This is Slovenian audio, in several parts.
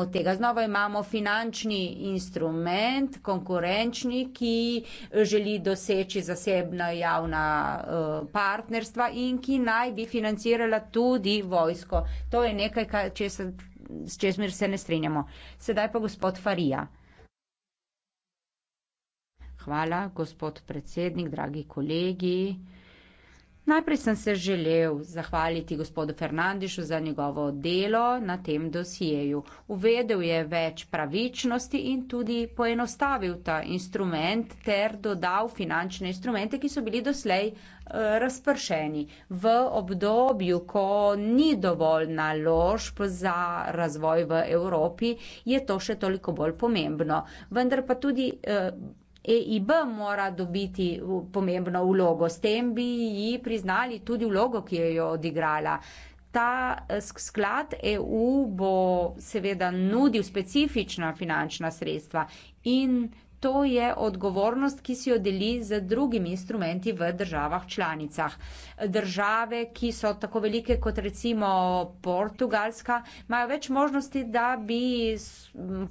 Od tega znova imamo finančni instrument, konkurenčni, ki želi doseči zasebna javna eh, partnerstva in ki naj bi financirala tudi vojsko. To je nekaj, s čezmer se ne strinjamo. Sedaj pa gospod Farija. Hvala, gospod predsednik, dragi kolegi. Najprej sem se želel zahvaliti gospodu Fernandišu za njegovo delo na tem dosijeju. Uvedel je več pravičnosti in tudi poenostavil ta instrument ter dodal finančne instrumente, ki so bili doslej eh, razpršeni. V obdobju, ko ni dovolj naložb za razvoj v Evropi, je to še toliko bolj pomembno. Vendar pa tudi eh, EIB mora dobiti pomembno vlogo, s tem bi ji priznali tudi vlogo, ki jo je odigrala. Ta eh, sklad EU bo seveda nudil specifična finančna sredstva in to je odgovornost, ki si jo deli z drugimi instrumenti v državah članicah. Države, ki so tako velike kot recimo Portugalska, imajo več možnosti, da bi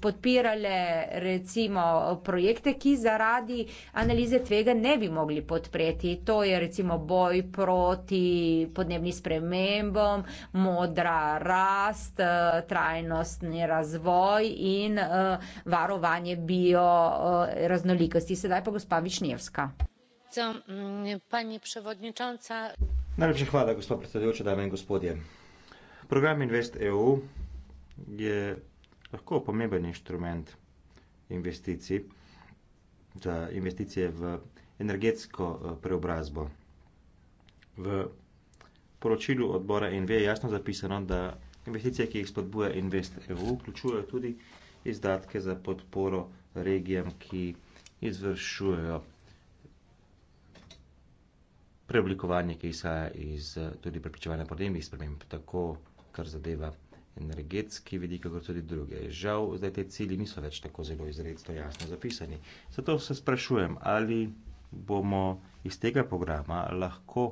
podpirale recimo projekte, ki zaradi analize tvega ne bi mogli podpreti. To je recimo boj proti podnebnim spremembom, modra rast, trajnostni razvoj in eh, varovanje bio eh, raznolikosti. Sedaj pa gospa Višnjevska. Mm, pani predsednica. Najlepša hvala, gospod predsedujoča, dame in gospodje. Program Invest EU je lahko pomemben inštrument investicij za investicije v energetsko eh, preobrazbo. V poročilu odbora NV je jasno zapisano, da investicije, ki jih spodbuja Invest EU, vključujejo tudi izdatke za podporo regijam, ki izvršujejo preoblikovanje, ki izhaja iz tudi prepričevanja podnebnih sprememb, tako kar zadeva energetski vidik, kot tudi druge. Žal, zdaj te cilji niso več tako zelo izredno jasno zapisani. Zato se sprašujem, ali bomo iz tega programa lahko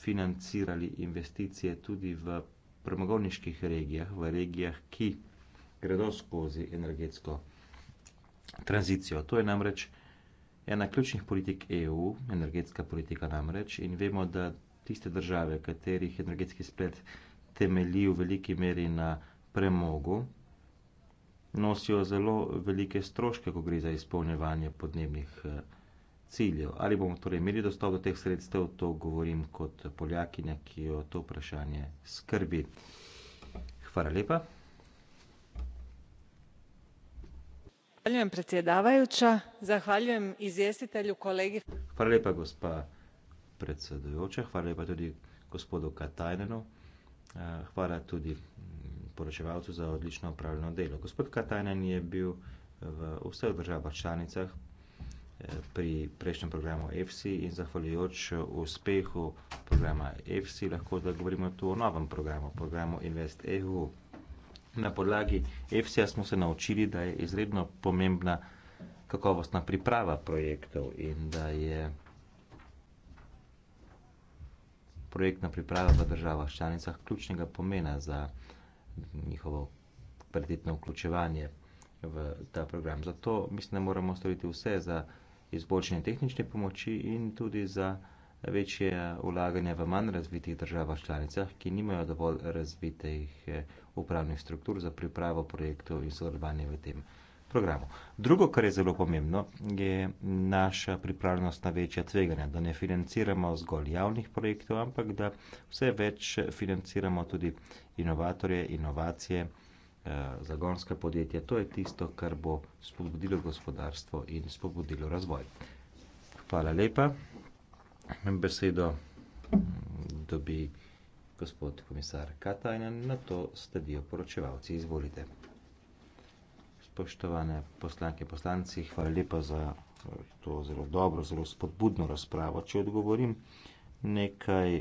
financirali investicije tudi v premogovniških regijah, v regijah, ki gredo skozi energetsko tranzicijo. To je namreč ena ključnih politik EU, energetska politika namreč, in vemo, da tiste države, katerih energetski splet temelji v veliki meri na premogu, nosijo zelo velike stroške, ko gre za izpolnjevanje podnebnih eh, ciljev. Ali bomo torej imeli dostop do teh sredstev, to govorim kot Poljakinja, ki jo to vprašanje skrbi. Hvala lepa. gospa predsedujoča zahvaljujem izvjestitelju kolegi. hvala lijepa gospa predsjedujoča hvala lijepa tudi gospodu katajnenu hvala tudi mm, poročevalcu za odlično opravljeno delo gospod katajnen je bil v vseh državah članicah e, pri prejšnjem programu EFSI in zahvaljujoč uspehu programa EFSI lahko zdaj govorimo tu o novem programu programu invest EU Na podlagi EFSA smo se naučili, da je izredno pomembna kakovostna priprava projektov in da je projektna priprava v državah članicah ključnega pomena za njihovo predetno vključevanje v ta program. Zato mislim, da moramo storiti vse za izboljšanje tehnične pomoči in tudi za večje ulaganje v manj razvitih državah članicah, ki nimajo dovolj razvitih eh, upravnih struktur za pripravo projektov in sodelovanje v tem programu. Drugo, kar je zelo pomembno, je naša pripravljenost na večja tveganja, da ne financiramo zgolj javnih projektov, ampak da vse več financiramo tudi inovatorje, inovacije, eh, zagonske podjetja. To je tisto, kar bo spodbudilo gospodarstvo in spodbudilo razvoj. Hvala lepa besedo mm, dobi gospod komisar Katajnen, na to stadijo poročevalci. Izvolite. Spoštovane poslanke poslanci, hvala lepa za to zelo dobro, zelo spodbudno razpravo. Če odgovorim nekaj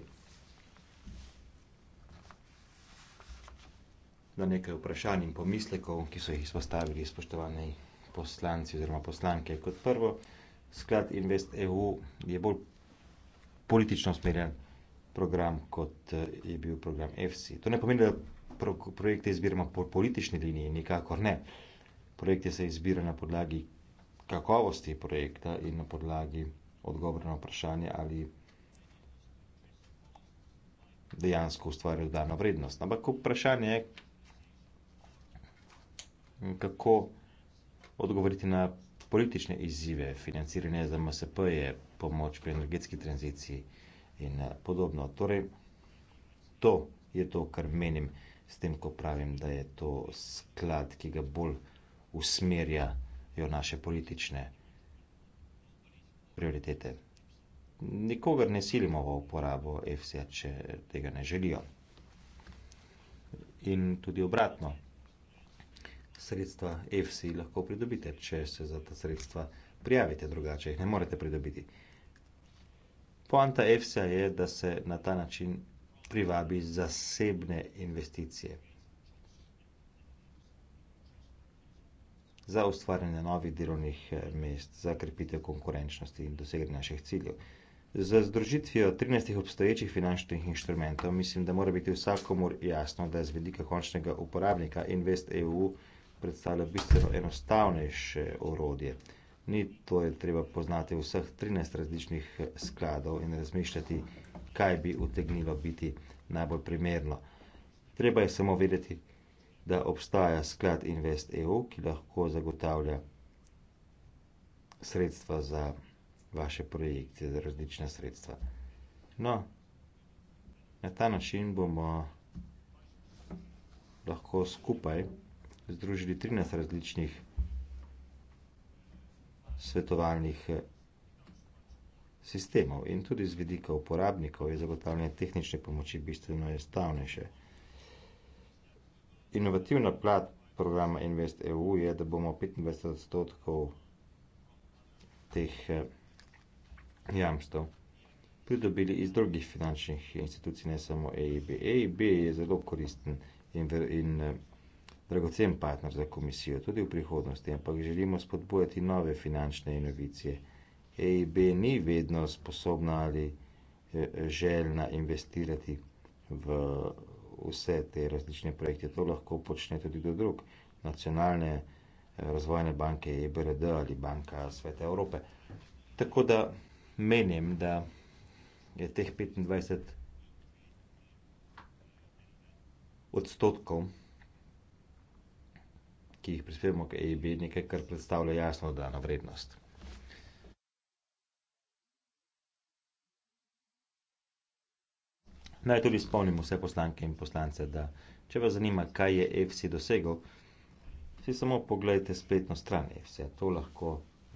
na nekaj vprašanj in pomislekov, ki so jih izpostavili spoštovani poslanci oziroma poslanke. Kot prvo, sklad Invest EU je bolj politično usmerjen program, kot eh, je bil program EFSI. To ne pomeni, da pro, projekte izbiramo po politični liniji, nikakor ne. Projekte se izbira na podlagi kakovosti projekta in na podlagi odgovora na vprašanje, ali dejansko ustvarijo dano vrednost. Ampak vprašanje je, kako odgovoriti na politične izzive. Financiranje za MSP je pomoč pri energetski tranziciji in eh, podobno. Torej, to je to, kar menim s tem, ko pravim, da je to sklad, ki ga bolj usmerjajo naše politične prioritete. Nikogar ne silimo v uporabo EFSA, če tega ne želijo. In tudi obratno, sredstva EFSA lahko pridobite, če se za ta sredstva prijavite, drugače jih ne morete pridobiti poanta efsa je da se na ta način privabi zasebne investicije za ustvarjanje novih delovnih eh, mest za krepitev konkurenčnosti in doseganje naših ciljev Z združitvijo 13 obstoječih finančnih inštrumentov mislim, da mora biti vsakomur jasno, da je z vedika končnega uporabnika InvestEU predstavlja bistveno enostavnejše orodje ni to, da je treba poznati vseh 13 različnih eh, skladov in razmišljati, kaj bi utegnilo biti najbolj primerno. Treba je samo vedeti, da obstaja sklad InvestEU, ki lahko zagotavlja sredstva za vaše projekte, za različna sredstva. No, na ta način bomo lahko skupaj združili 13 različnih skladov svetovalnih eh, sistemov in tudi z vidika uporabnikov je zagotavljanje tehnične pomoči bistveno enostavnejše. Inovativna plat programa Invest EU je, da bomo 25 odstotkov teh eh, jamstev pridobili iz drugih finančnih institucij, ne samo EIB. EIB je zelo koristen in, ver, in eh, dragocen partner za komisijo tudi v prihodnosti, ampak želimo spodbojati nove finančne inovicije. EIB ni vedno sposobna ali eh, željna investirati v vse te različne projekte. To lahko počne tudi do drug, nacionalne eh, razvojne banke EBRD ali Banka Sveta Evrope. Tako da menim, da je teh 25 odstotkov ki jih prispevamo k EIB, nekaj, kar predstavlja jasno dodano vrednost. Naj tudi spomnim vse poslanke in poslance, da če vas zanima, kaj je EFSI dosegel, si samo pogledajte spletno stran EFSI. To lahko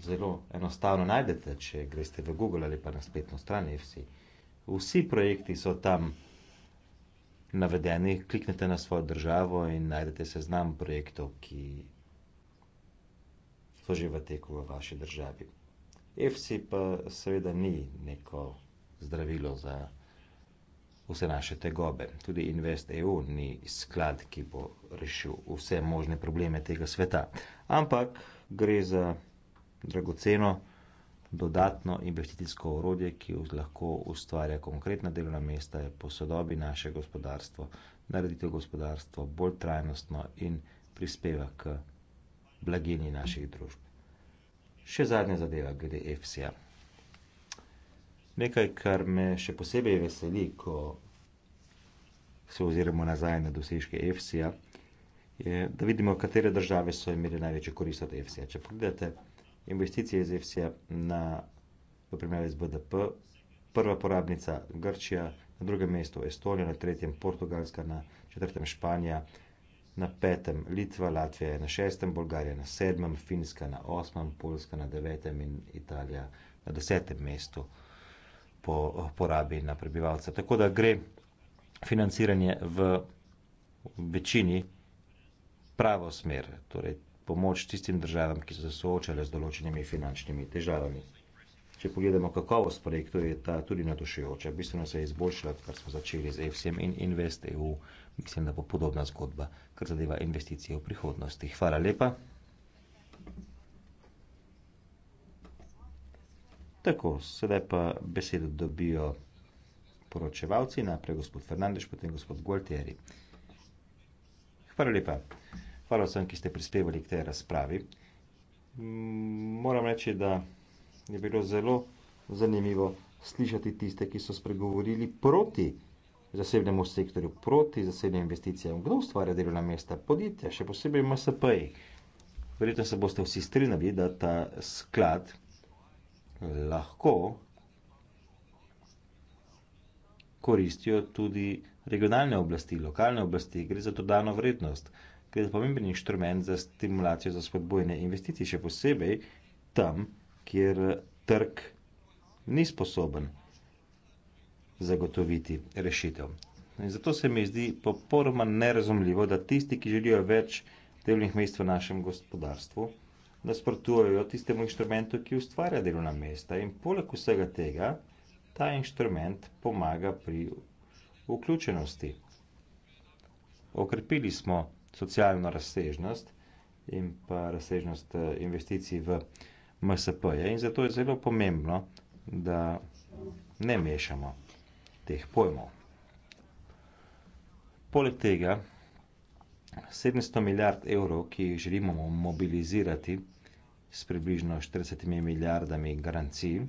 zelo enostavno najdete, če greste v Google ali pa na spletno stran EFSI. Vsi projekti so tam navedeni, kliknite na svojo državo in najdete seznam projektov, ki so že v teku v vaši državi. FC pa seveda ni neko zdravilo za vse naše tegobe. Tudi InvestEU ni sklad, ki bo rešil vse možne probleme tega sveta. Ampak gre za dragoceno dodatno investicijsko urodje, ki lahko ustvarja konkretna delovna mesta, je posodobi naše gospodarstvo, narediti gospodarstvo bolj trajnostno in prispeva k blaginji naših družb. Še zadnja zadeva glede EFSI-ja. Nekaj, kar me še posebej veseli, ko se oziramo nazaj na dosežke EFSI-ja, je, da vidimo, katere države so imele največjo korist od EFSI-ja. Če pogledate, investicije iz EFSI-ja na v primerjavi z BDP. Prva porabnica Grčija, na drugem mestu Estonija, na tretjem Portugalska, na četrtem Španija, na petem Litva, Latvija je na šestem, Bolgarija na sedmem, Finska na osmem, Poljska na devetem in Italija na desetem mestu po porabi na prebivalce. Tako da gre financiranje v večini pravo smer, torej pomoč tistim državam, ki so se soočale z določenimi finančnimi težavami. Če pogledamo kakovost projektov, je ta tudi nadušujoča. Bistveno se je izboljšala, kar smo začeli z EFSEM in InvestEU. Mislim, da bo podobna zgodba, kar zadeva investicije v prihodnosti. Hvala lepa. Tako, sedaj pa besedo dobijo poročevalci, najprej gospod Fernandeš, potem gospod Gualtieri. Hvala lepa. Hvala vsem, ki ste prispevali k tej razpravi. Moram reči, da je bilo zelo zanimivo slišati tiste, ki so spregovorili proti zasebnemu sektorju, proti zasebnim investicijam. Kdo ustvarja delovna mesta? Podjetja, še posebej MSP-ji. Verjetno se boste vsi strinjali, da ta sklad lahko koristijo tudi regionalne oblasti, lokalne oblasti, gre za to dano vrednost gre za pomemben inštrument za stimulacijo za spodbojne investicije, še posebej tam, kjer trg ni sposoben zagotoviti rešitev. In zato se mi zdi popolnoma nerazumljivo, da tisti, ki želijo več delovnih mest v našem gospodarstvu, nasprotujejo tistemu inštrumentu, ki ustvarja delovna mesta. In poleg vsega tega, ta inštrument pomaga pri vključenosti. Okrepili smo socialno razsežnost in pa razsežnost eh, investicij v MSP. -je. In zato je zelo pomembno, da ne mešamo teh pojmov. Poleg tega 700 milijard evrov, ki jih želimo mobilizirati s približno 40 milijardami garancij,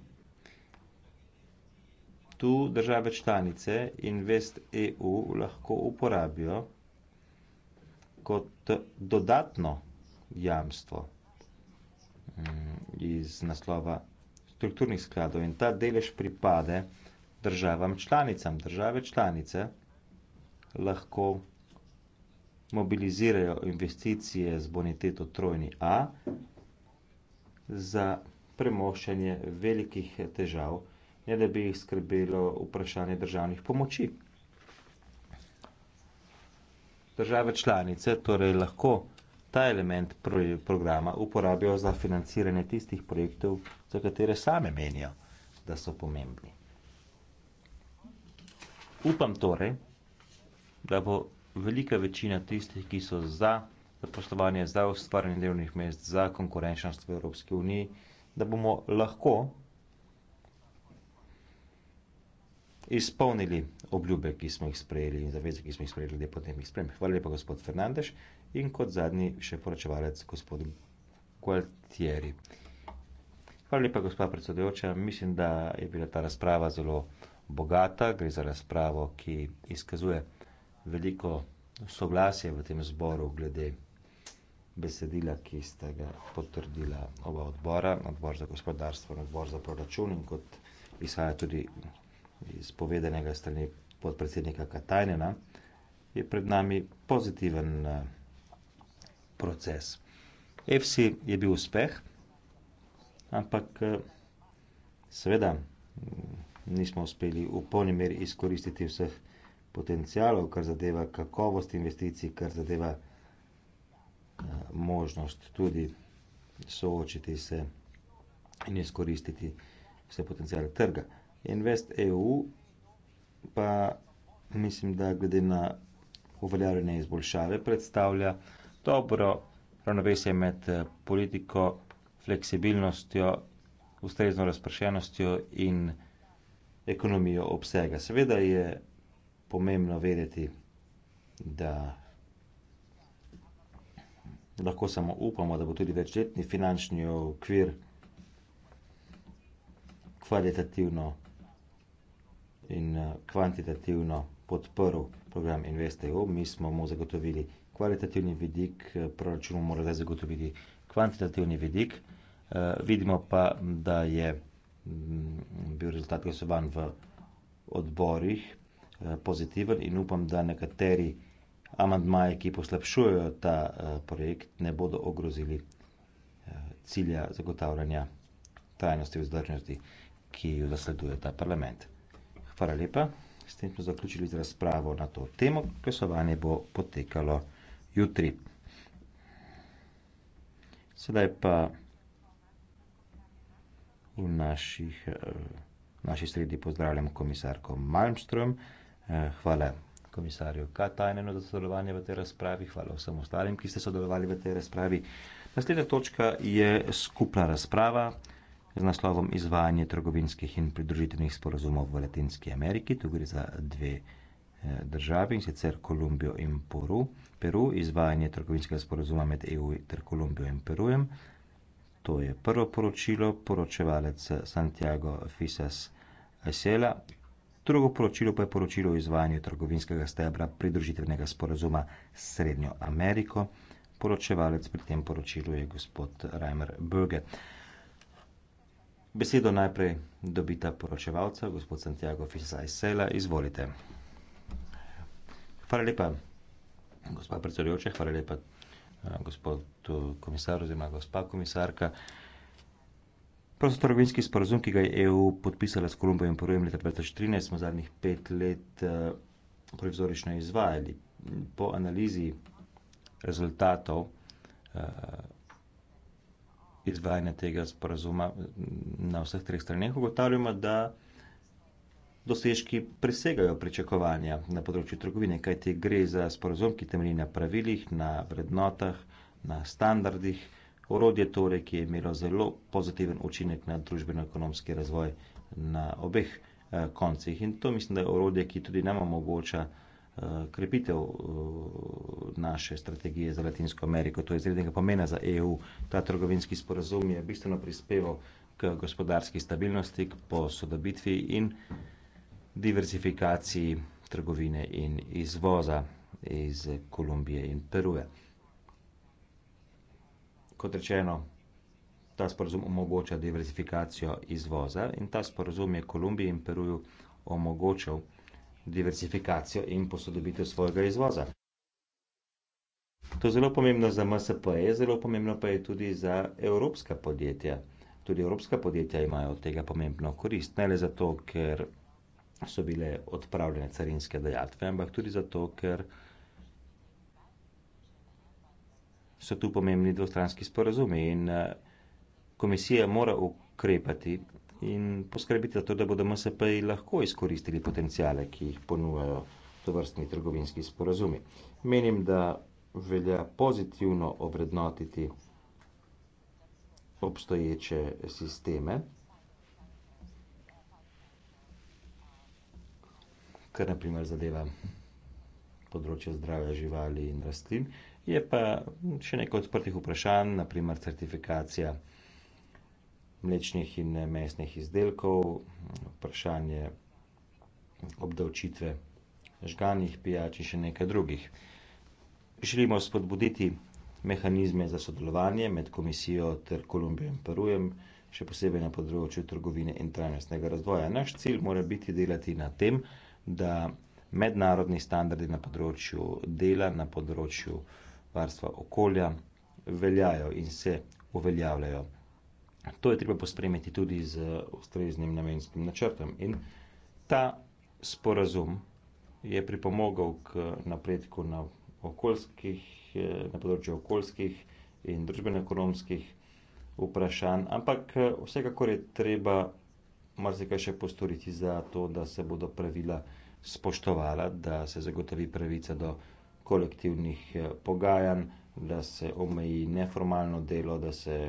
tu države članice in vest EU lahko uporabijo kot dodatno jamstvo mm, iz naslova strukturnih skladov in ta delež pripade državam članicam. Države članice lahko mobilizirajo investicije z boniteto trojni A za premoščanje velikih težav, ne da bi jih skrbelo vprašanje državnih pomoči države članice torej lahko ta element programa uporabijo za financiranje tistih projektov, za katere same menijo, da so pomembni. Upam torej, da bo velika večina tistih, ki so za zaposlovanje, za ustvarjanje delovnih mest, za konkurenčnost v Evropski uniji, da bomo lahko izpolnili obljube, ki smo jih sprejeli in zaveze, ki smo jih sprejeli, glede podnebnih sprememb. Hvala lepa, gospod Fernandez in kot zadnji še poročevalec, gospod Gualtieri. Hvala lepa, gospod predsedujoča. Mislim, da je bila ta razprava zelo bogata. Gre za razpravo, ki izkazuje veliko soglasje v tem zboru glede besedila, ki sta ga potrdila oba odbora, odbor za gospodarstvo in odbor za proračun in kot izhaja tudi izpovedanega strani podpredsednika Katajnina, je pred nami pozitiven eh, proces. EFSI je bil uspeh, ampak eh, seveda mm, nismo uspeli v polni meri izkoristiti vseh potencijalov, kar zadeva kakovost investicij, kar zadeva eh, možnost tudi soočiti se in izkoristiti vse potencijale trga. InvestEU pa mislim, da glede na uveljavljene izboljšave predstavlja dobro ravnovesje med eh, politiko, fleksibilnostjo, ustrezno razpršenostjo in ekonomijo obsega. Seveda je pomembno vedeti, da lahko samo upamo, da bo tudi večletni finančni okvir kvalitativno in eh, kvantitativno podprl program InvestEU. Mi smo mu zagotovili kvalitativni vidik, eh, proračun mora zdaj zagotoviti kvantitativni vidik. Eh, vidimo pa, da je mm, bil rezultat glasovan v odborih pozitiven in upam, da nekateri amandmaji, ki poslabšujejo ta projekt, ne bodo ogrozili cilja zagotavljanja trajnosti in vzdržnosti, ki jo zasleduje ta parlament. Hvala lepa. S tem smo zaključili z razpravo na to temo. Glasovanje bo potekalo jutri. Sedaj pa v, naših, v naši sredi pozdravljam komisarko Malmström. Hvala komisarju Katajnenu za sodelovanje v tej razpravi. Hvala vsem ostalim, ki ste sodelovali v tej razpravi. Naslednja točka je skupna razprava z naslovom Izvajanje trgovinskih in pridružitvenih sporozumov v Latinski Ameriki. Tu gre za dve eh, državi, in sicer Kolumbijo in Peru. Peru, izvajanje trgovinskega sporozuma med EU ter Kolumbijo in Perujem. To je prvo poročilo, poročevalec eh, Santiago Fisas Esela. Drugo poročilo pa je poročilo o izvajanju trgovinskega stebra pridružitvenega sporozuma s Srednjo Ameriko. Poročevalec pri tem poročilu je gospod Reimer Böge. Besedo najprej dobita poročevalca, gospod Santiago Fisajsela, izvolite. Hvala lepa, gospod predsedujoče, hvala lepa, eh, gospod komisar oziroma gospa komisarka. Prostotrgovinski sporozum, ki ga je EU podpisala s Kolumbijo in Porujem leta 2013, smo zadnjih pet let eh, provizorično izvajali. Po analizi rezultatov eh, izvajanje tega sporazuma na vseh treh straneh, ugotavljamo, da dosežki presegajo pričakovanja na področju trgovine, kajti gre za sporazum, ki temelji na pravilih, na vrednotah, na standardih, orodje torej, ki je imelo zelo pozitiven učinek na družbeno-ekonomski razvoj na obeh eh, koncih. In to mislim, da je orodje, ki tudi nam omogoča. Eh, krepitev eh, naše strategije za Latinsko Ameriko. To je izrednega pomena za EU. Ta trgovinski sporazum je bistveno prispeval k gospodarski stabilnosti, k posodobitvi in diversifikaciji trgovine in izvoza iz Kolumbije in Peruja. Kot rečeno, ta sporazum omogoča diversifikacijo izvoza in ta sporazum je Kolumbiji in Peruju omogočal diversifikacijo in posodobitev svojega izvoza. To je zelo pomembno za MSP, -je, zelo pomembno pa je tudi za evropska podjetja. Tudi evropska podjetja imajo od tega pomembno korist, ne le zato, ker so bile odpravljene carinske dejatve, ampak tudi zato, ker so tu pomembni dvostranski sporazumi in eh, komisija mora ukrepati in poskrbiti za to, da bodo MSP-ji lahko izkoristili potencijale, ki jih ponujajo tovrstni trgovinski sporazumi. Menim, da velja pozitivno obrednotiti obstoječe sisteme, kar naprimer zadeva področje zdravja živali in rastlin, je pa še nekaj odprtih vprašanj, naprimer certifikacija mlečnih in mesnih izdelkov, vprašanje obdavčitve žganih pijač in še nekaj drugih. Želimo spodbuditi mehanizme za sodelovanje med komisijo ter Kolumbijo in Perujem, še posebej na področju trgovine in trajnostnega razvoja. Naš cilj mora biti delati na tem, da mednarodni standardi na področju dela, na področju varstva okolja veljajo in se uveljavljajo. To je treba pospremiti tudi z ustreznim namenskim načrtom. In ta sporazum je pripomogel k napredku na, okoljskih, eh, na področju okoljskih in družbeno-ekonomskih vprašanj, ampak eh, vsekakor je treba marsikaj še postoriti za to, da se bodo pravila spoštovala, da se zagotovi pravica do kolektivnih eh, pogajanj, da se omeji neformalno delo, da se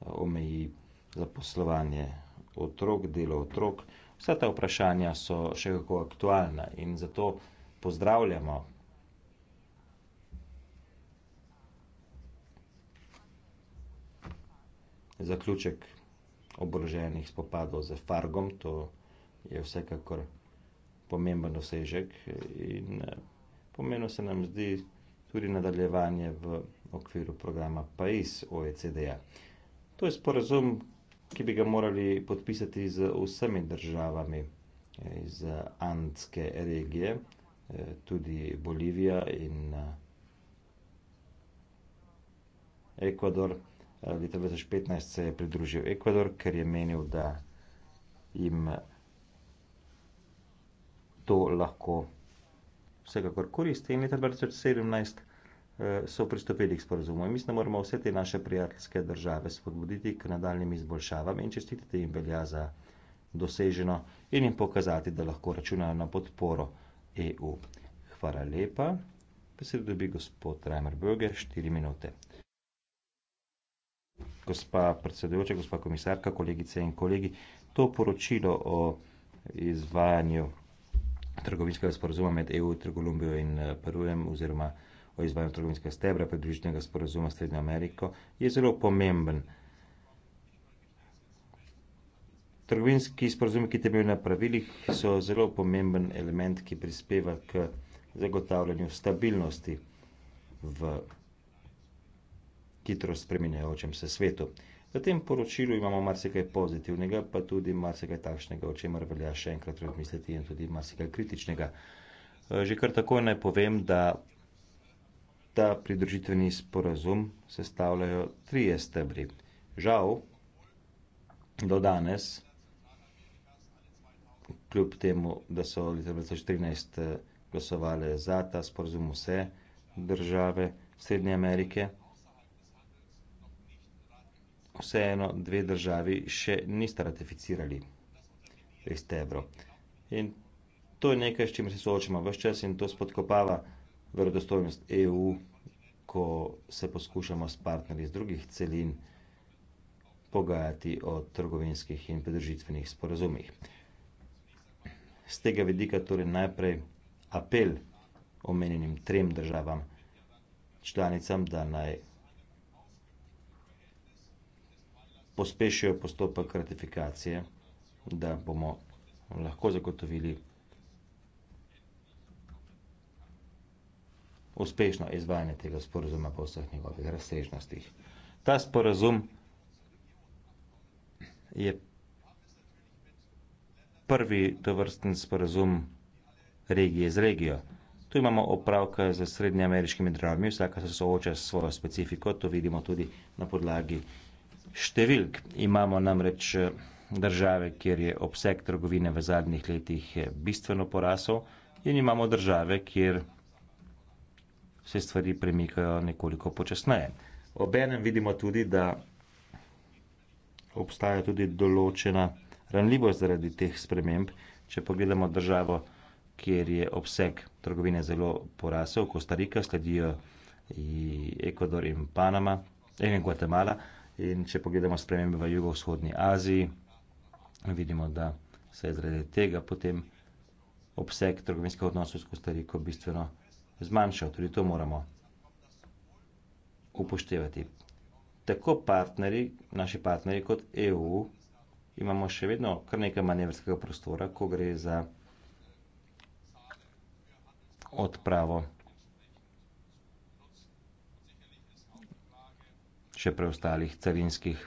omeji zaposlovanje otrok, delo otrok. Vsa ta vprašanja so še kako aktualna in zato pozdravljamo zaključek oboroženih spopadov z Fargom. To je vsekakor pomemben dosežek in eh, pomeno se nam zdi tudi nadaljevanje v okviru programa PAIS OECD-ja. To je sporazum, ki bi ga morali podpisati z vsemi državami eh, iz Andske regije, eh, tudi Bolivija in eh, Ekvador. Leta 2015 se je pridružil Ekvador, ker je menil, da jim to lahko vsekakor koristi. In leta 2017 Eh, so pristopili k sporozumu. In mislim, da moramo vse te naše prijateljske države spodbuditi k nadaljnim izboljšavam in čestititi jim velja za doseženo in jim pokazati, da lahko računajo na podporo EU. Hvala lepa. Besedo dobi gospod Reimer Böge, 4 minute. Gospa predsedujoča, gospa komisarka, kolegice in kolegi, to poročilo o izvajanju trgovinskega sporozuma med EU, Trgolumbijo in eh, Perujem oziroma o izvajanju trgovinskega stebra predvižnega sporozuma s Srednjo Ameriko je zelo pomemben. Trgovinski sporozumi, ki temeljijo na pravilih, so zelo pomemben element, ki prispeva k zagotavljanju stabilnosti v hitro spreminjajočem se svetu. V tem poročilu imamo marsikaj pozitivnega, pa tudi marsikaj takšnega, o čemer velja še enkrat razmisliti in tudi marsikaj kritičnega. Že kar takoj naj povem, da ta pridružitveni sporazum sestavljajo trije stebri žal do danes kljub temu da so leta 2013 eh, glasovale za ta sporazum vse države srednje amerike vseeno dve državi še nista ratificirali iz tebro in to je nekaj s čimer se soočamo vse čas in to spodkopava verodostojnost EU, ko se poskušamo s partnerji iz drugih celin pogajati o trgovinskih in pridružitvenih sporazumih. Z tega vidika torej najprej apel omenjenim trem državam članicam, da naj pospešijo postopek ratifikacije, da bomo lahko zagotovili uspešno izvajanje tega sporozuma po vseh njegovih razsežnostih. Ta sporozum je prvi dovrsten sporozum regije z regijo. Tu imamo opravka z srednjeameriškimi državami, vsaka se sooča s svojo specifiko, to vidimo tudi na podlagi številk. Imamo namreč eh, države, kjer je obseg trgovine v zadnjih letih eh, bistveno porasel in imamo države, kjer se stvari premikajo nekoliko počasneje. Obenem vidimo tudi, da obstaja tudi določena ranljivost zaradi teh sprememb. Če pogledamo državo, kjer je obseg trgovine zelo porasel, Kostarika, sledijo Ekvador in Panama, in Gvatemala. In če pogledamo spremembe v jugovzhodni Aziji, vidimo, da se je zaradi tega potem obseg trgovinskih odnosov s Kostariko bistveno zmanjšal. Tudi to moramo upoštevati. Tako partneri, naši partneri kot EU imamo še vedno kar nekaj manevrskega prostora, ko gre za odpravo še preostalih carinskih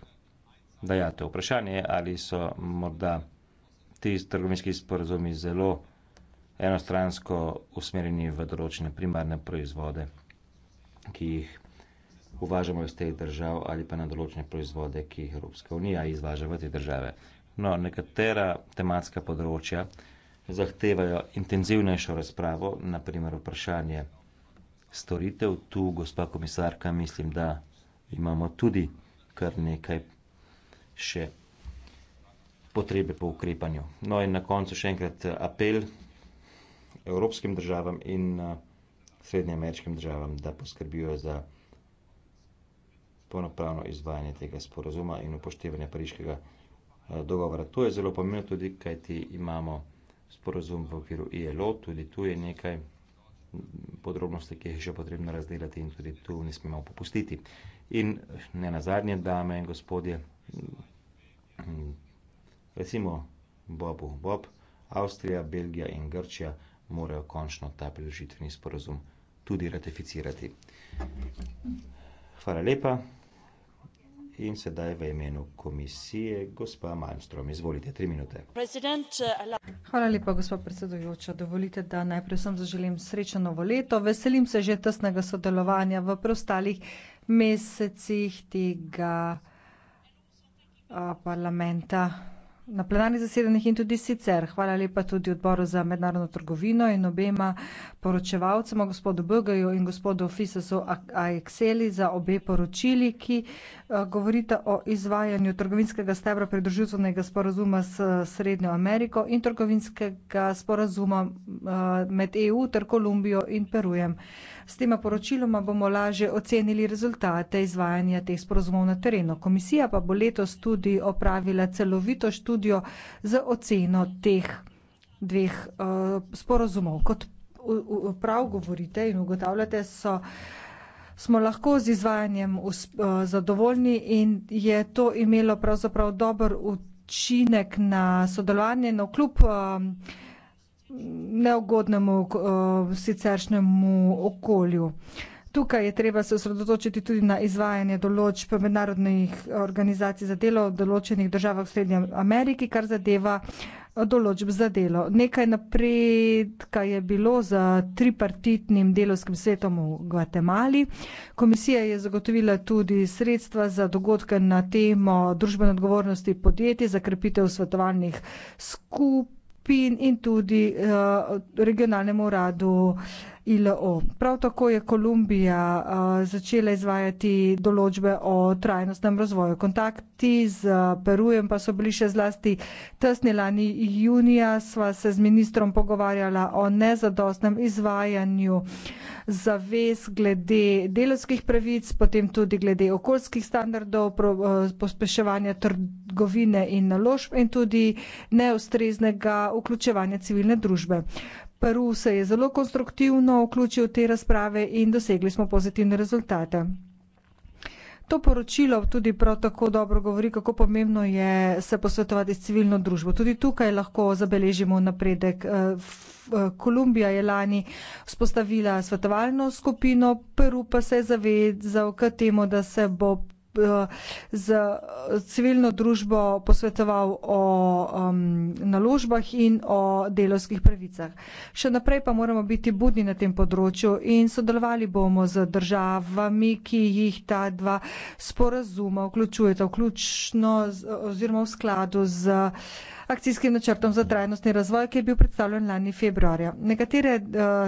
dajatev. Vprašanje je, ali so morda ti trgovinski sporazumi zelo enostransko usmerjeni v določene primarne proizvode, ki jih uvažamo iz teh držav ali pa na določene proizvode, ki jih Evropska unija izvaža v te države. No, nekatera tematska področja zahtevajo intenzivnejšo razpravo, naprimer vprašanje storitev. Tu, gospa komisarka, mislim, da imamo tudi kar nekaj še potrebe po ukrepanju. No in na koncu še enkrat apel evropskim državam in eh, srednjeameriškim državam, da poskrbijo za ponopravno izvajanje tega sporozuma in upoštevanje pariškega eh, dogovora. To je zelo pomembno tudi, kaj ti imamo sporozum v okviru ILO, tudi tu je nekaj podrobnosti, ki jih je še potrebno razdelati in tudi tu ne smemo popustiti. In eh, ne na zadnje, dame in gospodje, mm, recimo Bobu Bob, Avstrija, Belgija in Grčija, morajo končno ta pridružitveni sporazum tudi ratificirati. Hvala lepa. In sedaj v imenu komisije, gospa Malmström, izvolite tri minute. Eh, Hvala lepa, gospa predsedujoča. Dovolite, da najprej vsem zaželim srečno novo leto. Veselim se že tesnega sodelovanja v preostalih mesecih tega parlamenta na plenarnih zasedanjih in tudi sicer. Hvala lepa tudi odboru za mednarodno trgovino in obema poročevalcema, gospodu Bögeju in gospodu Fisasu Aekseli za obe poročili, ki eh, govorita o izvajanju trgovinskega stebra pridružitvenega sporazuma s eh, Srednjo Ameriko in trgovinskega sporazuma eh, med EU ter Kolumbijo in Perujem. S tema poročiloma bomo lažje ocenili rezultate izvajanja teh sporozumov na terenu. Komisija pa bo letos tudi opravila celovito študijo z oceno teh dveh uh, sporozumov. Kot v, v, prav govorite in ugotavljate, so, smo lahko z izvajanjem usp, uh, eh, zadovoljni in je to imelo pravzaprav dober učinek na sodelovanje na no, kljub. Uh, neugodnemu eh, siceršnjemu okolju. Tukaj je treba se osredotočiti tudi na izvajanje določb mednarodnih organizacij za delo v določenih državah v Srednji Ameriki, kar zadeva določb za delo. Nekaj napredka je bilo za tripartitnim delovskim svetom v Gvatemali. Komisija je zagotovila tudi sredstva za dogodke na temo družbene odgovornosti podjetij, za krepitev svetovalnih skupin, skupin in tudi eh, regionalnemu uradu ILO. Prav tako je Kolumbija začela izvajati določbe o trajnostnem razvoju. Kontakti z Perujem pa so bili še zlasti tesni lani junija. Sva se z ministrom pogovarjala o nezadostnem izvajanju zavez glede delovskih pravic, potem tudi glede okoljskih standardov, pospeševanja trgovine in naložb in tudi neustreznega vključevanja civilne družbe. Peru se je zelo konstruktivno vključil v te razprave in dosegli smo pozitivne rezultate. To poročilo tudi prav tako dobro govori, kako pomembno je se posvetovati s civilno družbo. Tudi tukaj lahko zabeležimo napredek. Eh, eh, Kolumbija je lani vzpostavila svetovalno skupino, Peru pa se je zavezal k temu, da se bo z civilno družbo posvetoval o um, naložbah in o delovskih pravicah. Še naprej pa moramo biti budni na tem področju in sodelovali bomo z državami, ki jih ta dva sporazuma vključujeta, vključno z, oziroma v skladu z. Uh, akcijskim načrtom za trajnostni razvoj, ki je bil predstavljen lani februarja. Nekatere, eh,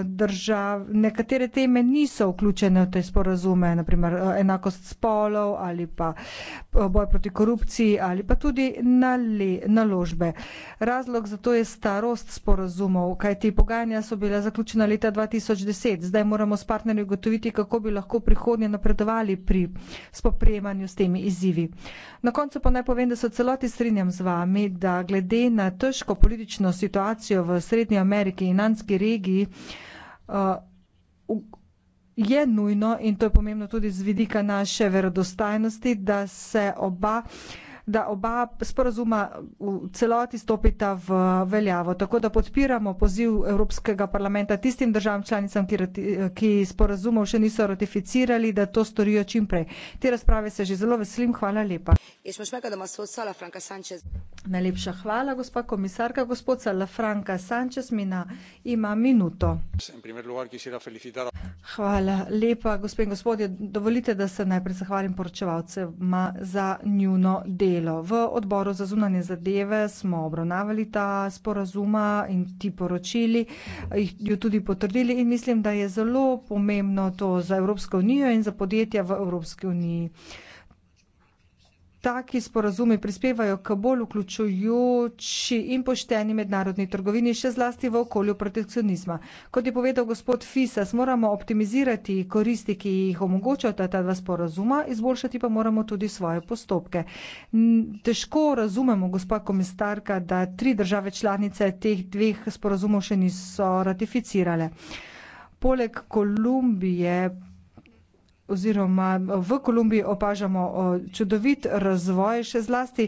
držav, nekatere teme niso vključene v te sporazume, naprimer eh, enakost spolov ali pa eh, boj proti korupciji ali pa tudi nali, naložbe. Razlog za to je starost sporazumov, kajti pogajanja so bila zaključena leta 2010. Zdaj moramo s partnerji ugotoviti, kako bi lahko prihodnje napredovali pri spoprejemanju s temi izzivi. Na koncu pa naj povem, da se celoti strinjam z vami, da glede glede na težko politično situacijo v Srednji Ameriki in Anski regiji, uh, je nujno, in to je pomembno tudi z vidika naše verodostajnosti, da se oba da oba sporazuma v celoti stopita v veljavo. Tako da podpiramo poziv Evropskega parlamenta tistim državam članicam, ki, ki sporazumov še niso ratificirali, da to storijo čimprej. Te razprave se že zelo veselim. Hvala lepa. Najlepša hvala, gospa komisarka. Gospod Salafranca Sanchez Mina ima minuto. Hvala lepa, gospe in gospodje. Dovolite, da se najprej zahvalim poročevalcema za njuno delo. V odboru za zunanje zadeve smo obravnavali ta sporazuma in ti poročili, jo tudi potrdili in mislim, da je zelo pomembno to za Evropsko unijo in za podjetja v Evropski uniji taki sporazumi prispevajo k bolj vključujoči in pošteni mednarodni trgovini, še zlasti v okolju protekcionizma. Kot je povedal gospod Fisas, moramo optimizirati koristi, ki jih omogočata ta dva sporazuma, izboljšati pa moramo tudi svoje postopke. Težko razumemo, gospa komistarka, da tri države članice teh dveh sporazumov še niso ratificirale. Poleg Kolumbije oziroma v Kolumbiji opažamo čudovit razvoj še zlasti,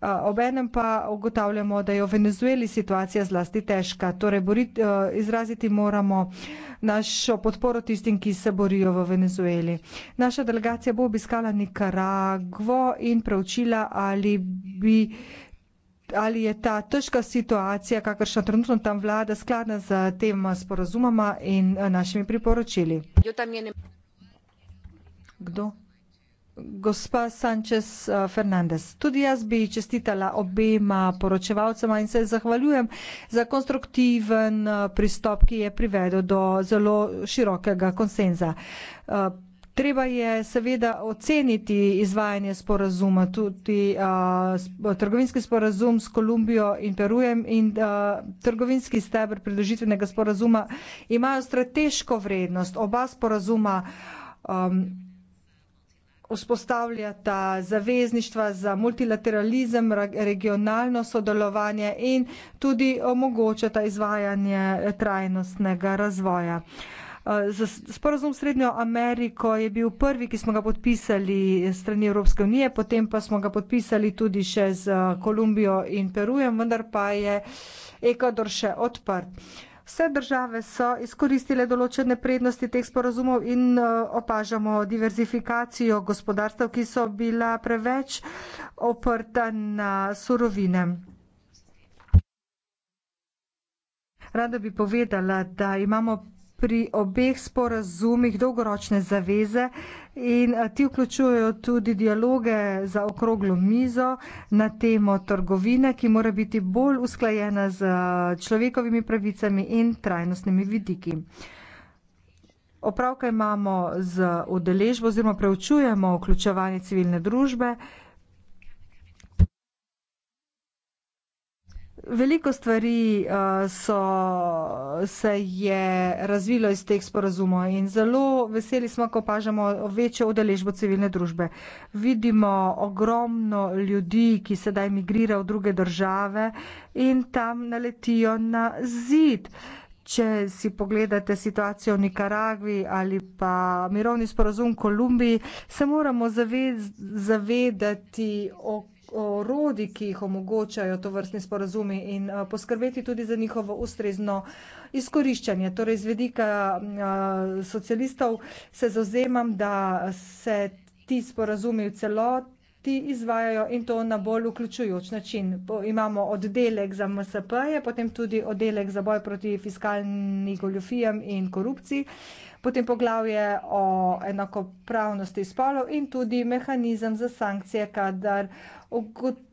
ob enem pa ugotavljamo, da je v Venezueli situacija zlasti težka. Torej boriti, izraziti moramo našo podporo tistim, ki se borijo v Venezueli. Naša delegacija bo obiskala Nikaragvo in preučila, ali bi ali je ta težka situacija, kakršna trenutno tam vlada, skladna z tem sporazumama in našimi priporočili. Kdo? Gospa Sanchez eh, Fernandez, tudi jaz bi čestitala obema poročevalcema in se zahvaljujem za konstruktiven eh, pristop, ki je privedel do zelo širokega konsenza. Eh, treba je seveda oceniti izvajanje sporazuma, tudi uh, trgovinski sporazum s Kolumbijo in Perujem in uh, trgovinski stebr predložitvenega sporazuma imajo strateško vrednost. Oba sporazuma um, vzpostavljata zavezništva za multilateralizem, regionalno sodelovanje in tudi omogočata izvajanje trajnostnega razvoja. Eh, Sporozum s Srednjo Ameriko je bil prvi, ki smo ga podpisali strani Evropske unije, potem pa smo ga podpisali tudi še z eh, Kolumbijo in Perujem, vendar pa je Ekvador še odprt. Uh, Vse države so izkoristile določene prednosti teh sporazumov in e, opažamo diverzifikacijo gospodarstv, ki so bila preveč oprta na surovine. Rada bi povedala, da imamo pri obeh sporazumih dolgoročne zaveze in eh, ti vključujejo tudi dialoge za okroglo mizo na temo trgovine, ki mora biti bolj usklajena z eh, človekovimi pravicami in trajnostnimi vidiki. Opravka imamo z udeležbo oziroma preučujemo vključevanje civilne družbe, Veliko stvari uh, so, se je razvilo iz teh sporazumov in zelo veseli smo, ko pažemo večjo udeležbo civilne družbe. Vidimo ogromno ljudi, ki sedaj migrirajo v druge države in tam naletijo na zid. Če si pogledate situacijo v Nikaragvi ali pa mirovni sporazum v Kolumbiji, se moramo zaved, zavedati okolje orodi, ki jih omogočajo to vrstni sporazumi in eh, poskrbeti tudi za njihovo ustrezno izkoriščanje. Torej, z vedika eh, socialistov se zauzemam, da se ti sporazumi v celoti ti izvajajo in to na bolj vključujoč način. Po, imamo oddelek za MSP-je, potem tudi oddelek za boj proti fiskalnim goljofijam in korupciji. Uh, potem poglavje o enakopravnosti spolov in tudi mehanizem za sankcije, kadar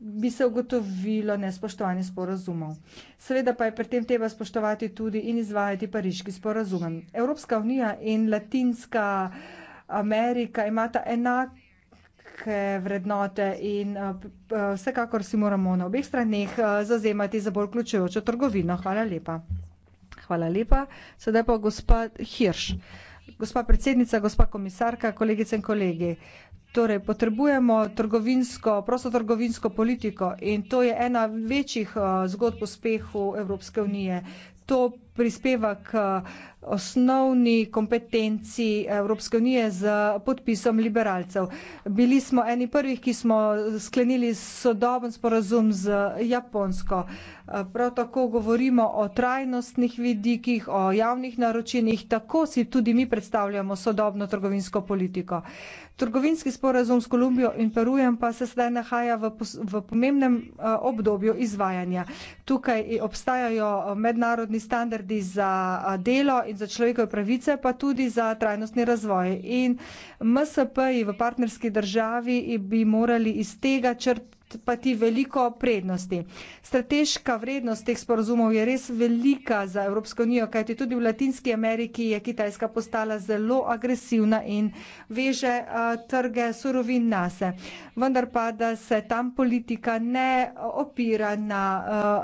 bi se ugotovilo nespoštovanje sporazumov. Seveda pa je pri tem treba spoštovati tudi in izvajati pariški sporazum. Evropska unija in Latinska Amerika imata enak vrednote in eh, vsekakor si moramo na obeh straneh eh, zazemati za bolj vključujočo trgovino. Hvala lepa. Hvala lepa. Sedaj pa gospa Hirš. Gospa predsednica, gospa komisarka, kolegice in kolegi. Torej, potrebujemo trgovinsko, prostotrgovinsko politiko in to je ena večjih uh, zgodb uspehu Evropske unije. To prispeva k osnovni kompetenci Evropske unije z podpisom liberalcev. Bili smo eni prvih, ki smo sklenili sodoben sporazum z Japonsko. Prav tako govorimo o trajnostnih vidikih, o javnih naročinih, tako si tudi mi predstavljamo sodobno trgovinsko politiko. Trgovinski sporazum s Kolumbijo in Perujem pa se sedaj nahaja v, v pomembnem eh, obdobju izvajanja. Tukaj obstajajo eh, mednarodni standardi, standardi za delo in za človekove pravice, pa tudi za trajnostni razvoj. In MSP-ji v partnerski državi bi morali iz tega črpati veliko prednosti. Strateška vrednost teh sporozumov je res velika za Evropsko unijo, kajti tudi v Latinski Ameriki je Kitajska postala zelo agresivna in veže trge surovin nase. Vendar pa, da se tam politika ne opira na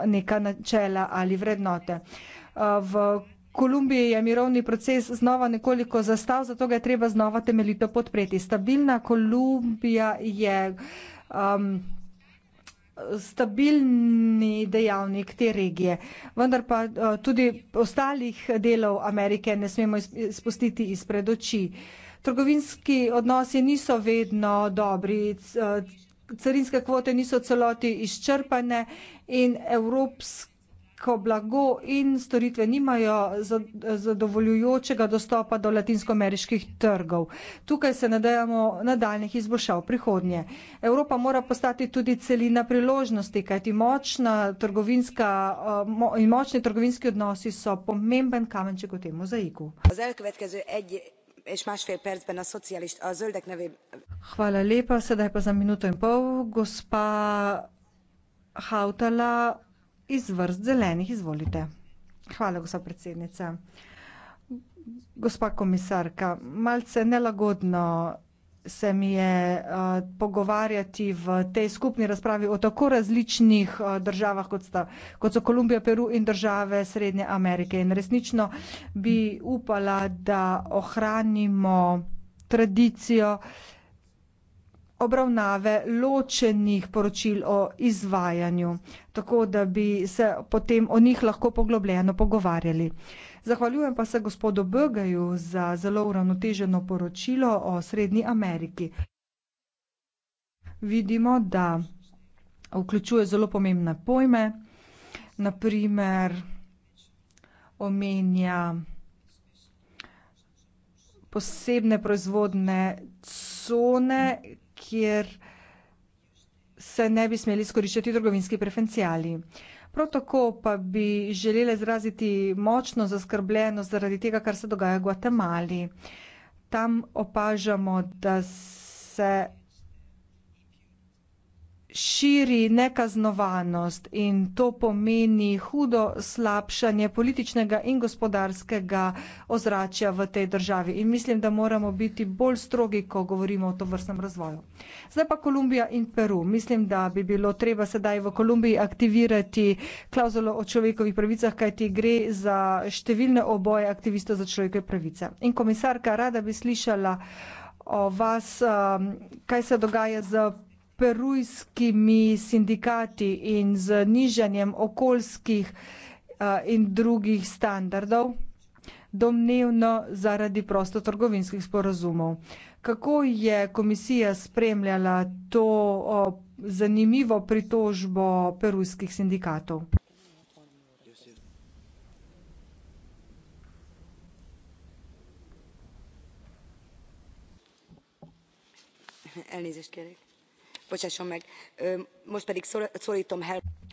neka načela ali vrednote. Eh, v Kolumbiji je mirovni proces znova nekoliko zastav, zato ga je treba znova temeljito podpreti. Stabilna Kolumbija je um, stabilni dejavnik te regije, vendar pa uh, tudi ostalih delov Amerike ne smemo izpustiti izpred oči. Trgovinski odnosi niso vedno dobri, eh, carinske kvote niso celoti izčrpane in evropske ko blago in storitve nimajo zadovoljujočega dostopa do latinskoameriških trgov. Tukaj se nadejamo nadaljnih izboljšav prihodnje. Evropa mora postati tudi celina priložnosti, kajti močna trgovinska in močni trgovinski odnosi so pomemben kamenček v tem mozaiku. Hvala lepa, sedaj pa za minuto in pol. Gospa Hautala, iz vrst zelenih. Izvolite. Hvala, gospa predsednica. Gospa komisarka, malce nelagodno se mi je uh, pogovarjati v tej skupni razpravi o tako različnih uh, državah, kot, sta, kot so Kolumbija, Peru in države Srednje Amerike. In resnično bi upala, da ohranimo tradicijo uh, obravnave ločenih poročil o izvajanju, tako da bi se potem o njih lahko poglobljeno pogovarjali. Zahvaljujem pa se gospodu Bögeju za zelo uravnoteženo poročilo o Srednji Ameriki. Vidimo, da vključuje zelo pomembne pojme, naprimer omenja posebne proizvodne cone, kjer se ne bi smeli skoriščati trgovinski preferenciali. Prav tako pa bi želela izraziti močno zaskrbljenost zaradi tega, kar se dogaja v Guatemali. Tam opažamo, da se širi nekaznovanost in to pomeni hudo slabšanje političnega in gospodarskega ozračja v tej državi. In mislim, da moramo biti bolj strogi, ko govorimo o to vrstnem razvoju. Zdaj pa Kolumbija in Peru. Mislim, da bi bilo treba sedaj v Kolumbiji aktivirati klauzulo o človekovih pravicah, kajti gre za številne oboje aktivistov za človekove pravice. In komisarka, rada bi slišala o vas, um, kaj se dogaja z perujskimi sindikati in z nižanjem okoljskih eh, in drugih standardov, domnevno zaradi prostotrgovinskih sporazumov. Kako je komisija spremljala to zanimivo pritožbo perujskih sindikatov?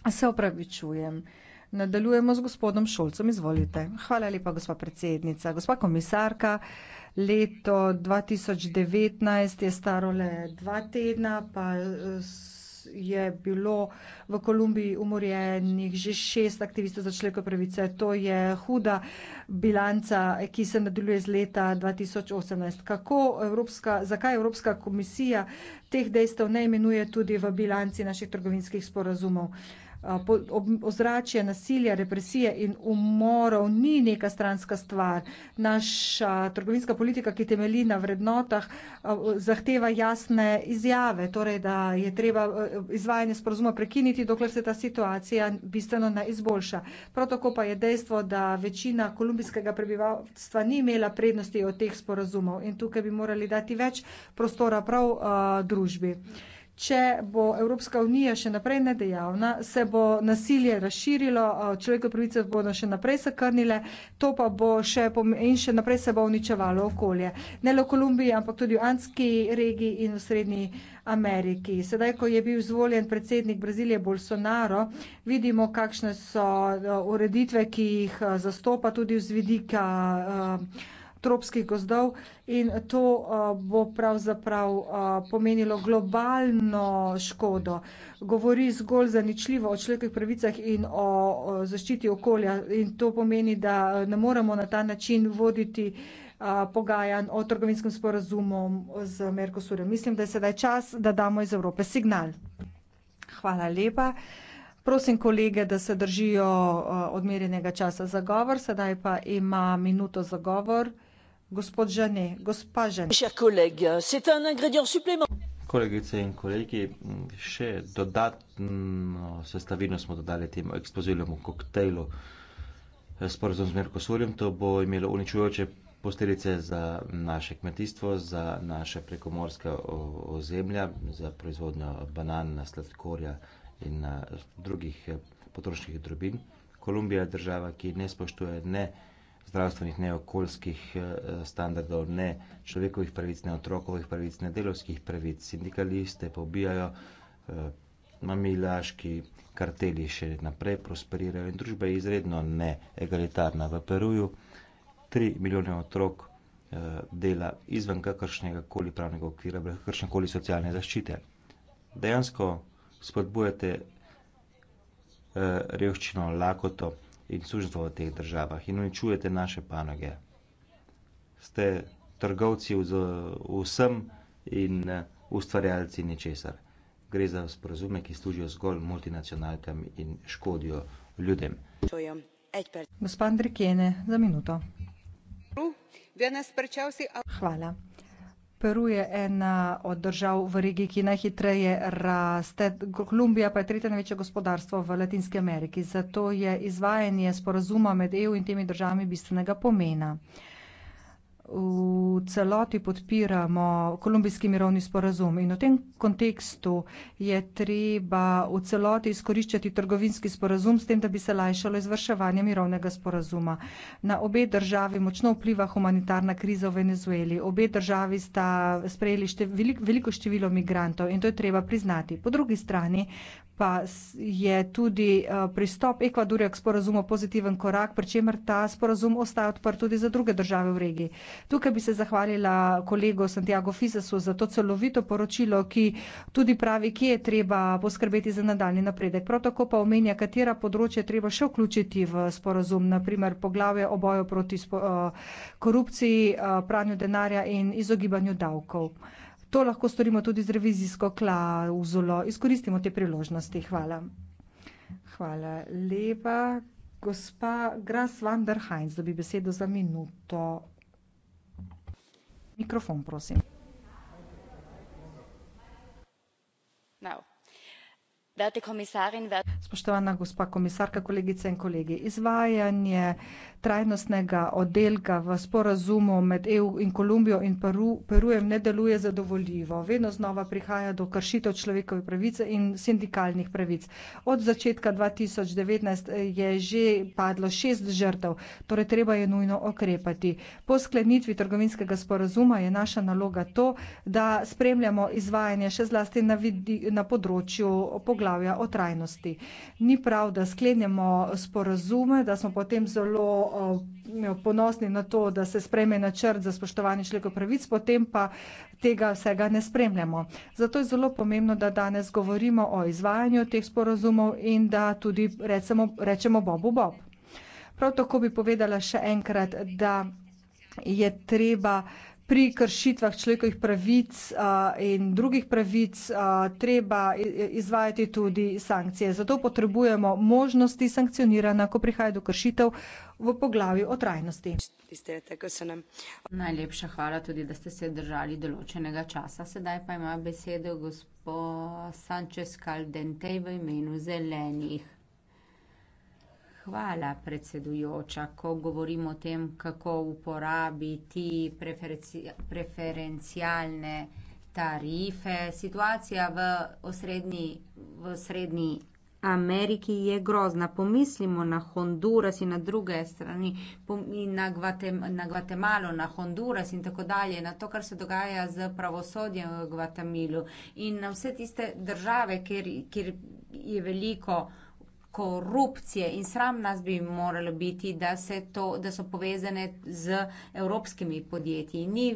Se opravičujem. Nadaljujemo z gospodom Šolcem, izvolite. Hvala lepa, gospa predsednica. Gospa komisarka, leto dva tisoč devetnajst je staro le dva tedna, pa s, je bilo v Kolumbiji umorjenih že šest aktivistov za človekove pravice. To je huda bilanca, ki se nadaljuje z leta 2018. Kako Evropska, zakaj Evropska komisija teh dejstev ne imenuje tudi v bilanci naših trgovinskih sporazumov? Uh, ozračje nasilja, represije in umorov ni neka stranska stvar. Naša trgovinska politika, ki temelji na vrednotah, zahteva jasne izjave, torej da je treba izvajanje sporozuma prekiniti, dokler se ta situacija bistveno ne izboljša. Prav tako pa je dejstvo, da večina kolumbijskega prebivalstva ni imela prednosti od teh sporozumov in tukaj bi morali dati več prostora prav uh, družbi. Uh, Če bo Evropska unija še naprej nedejavna, se bo nasilje razširilo, človekove pravice bodo še naprej sakrnile, to pa bo še in še naprej se bo uničevalo okolje. Ne le v Kolumbiji, ampak tudi v Anski regiji in v Srednji Ameriki. Sedaj, ko je bil izvoljen predsednik Brazilije Bolsonaro, vidimo, kakšne so ureditve, ki jih zastopa tudi z vidika. Uh, tropskih gozdov in to uh, bo pravzaprav uh, pomenilo globalno škodo. Govori zgolj zaničljivo o človekovih pravicah in o, o zaščiti okolja in to pomeni, da e, ne moremo na ta način voditi pogajan o trgovinskem sporazumu z Merkosurjem. Mislim, da je sedaj čas, da damo iz Evrope signal. Hvala lepa. Prosim kolege, da se držijo e, odmerjenega časa za govor. Sedaj pa ima minuto za govor. Kolegice in kolegi, še dodatno sestavino smo dodali temu eksplozivnemu koktejlu sporozum z Mercosurjem. To bo imelo uničujoče posledice za naše kmetijstvo, za naše prekomorske ozemlja, za proizvodnjo banan, sladkorja in eh, drugih eh, potrošniških drobin. Kolumbija je država, ki ne spoštuje ne zdravstvenih, ne okoljskih eh, standardov, ne človekovih pravic, ne otrokovih pravic, ne delovskih pravic. Sindikaliste pobijajo, eh, mamilaški karteli še naprej prosperirajo in družba je izredno neegalitarna. V Peruju tri milijone otrok eh, dela izven kakršnega koli pravnega okvira, brez kakršne koli socialne zaščite. Dejansko spodbujate revščino, lakoto, in služnostvo v teh državah in uničujete naše panoge. Ste trgovci z vsem in ustvarjalci ničesar. Gre za sporozume, ki služijo zgolj multinacionalkam in škodijo ljudem. Gospod Andrikene, za minuto. Hvala. Peru je ena od držav v regiji, ki najhitreje raste. Kolumbija pa je tretje največje gospodarstvo v Latinski Ameriki. Zato je izvajanje sporazuma med EU in temi državami bistvenega pomena v celoti podpiramo kolumbijski mirovni sporazum in v tem kontekstu je treba v celoti izkoriščati trgovinski sporazum s tem, da bi se lajšalo izvrševanje mirovnega sporazuma. Na obe državi močno vpliva humanitarna kriza v Venezueli. Obe državi sta sprejeli števili, veliko število migrantov in to je treba priznati. Po drugi strani pa je tudi eh, pristop Ekvadorja k sporazumu pozitiven korak, pri čemer ta sporazum ostaja odprt tudi za druge države v regiji. Tukaj bi se zahvalila kolego Santiago Fizasu za to celovito poročilo, ki tudi pravi, kje je treba poskrbeti za nadaljni napredek. Prav tako pa omenja, katera področja je treba še vključiti v sporazum, naprimer poglavje o boju proti eh, korupciji, eh, pranju denarja in izogibanju davkov to lahko storimo tudi z revizijsko klauzulo. Izkoristimo te priložnosti. Hvala. Hvala lepa. Gospa Gras van der Heinz dobi besedo za minuto. Mikrofon, prosim. Spoštovana gospa komisarka, kolegice in kolegi. Izvajanje trajnostnega oddelka v sporazumu med EU in Kolumbijo in Peru, Perujem ne deluje zadovoljivo. Vedno znova prihaja do kršitev človekove pravice in sindikalnih pravic. Od začetka 2019 je že padlo šest žrtev, torej treba je nujno okrepati. Po sklenitvi trgovinskega sporazuma je naša naloga to, da spremljamo izvajanje še zlasti na, vidi, na področju poglavja o trajnosti. Ni prav, da sklenjamo sporazume, da smo potem zelo uh, ponosni na to, da se spreme načrt za spoštovanje človekov pravic, potem pa tega vsega ne spremljamo. Zato je zelo pomembno, da danes govorimo o izvajanju teh sporozumov in da tudi recimo, rečemo Bobu Bob. Prav tako bi povedala še enkrat, da je treba pri kršitvah človekovih pravic in drugih pravic treba izvajati tudi sankcije. Zato potrebujemo možnosti sankcionirana, ko prihaja do kršitev v poglavju o trajnosti. Najlepša hvala tudi, da ste se držali določenega časa. Sedaj pa ima besedo gospod Sanchez Caldente v imenu zelenih. Hvala, predsedujoča, ko govorimo o tem, kako uporabiti preferencialne tarife. Situacija v osrednji, v srednji Ameriki je grozna. Pomislimo na Honduras in na druge strani, na Gvatemalo, na Honduras in tako dalje, na to, kar se dogaja z pravosodjem v Gvatemalu in na vse tiste države, kjer, kjer je veliko korupcije in sram nas bi moralo biti, da, to, da so povezane z evropskimi podjetji. Ni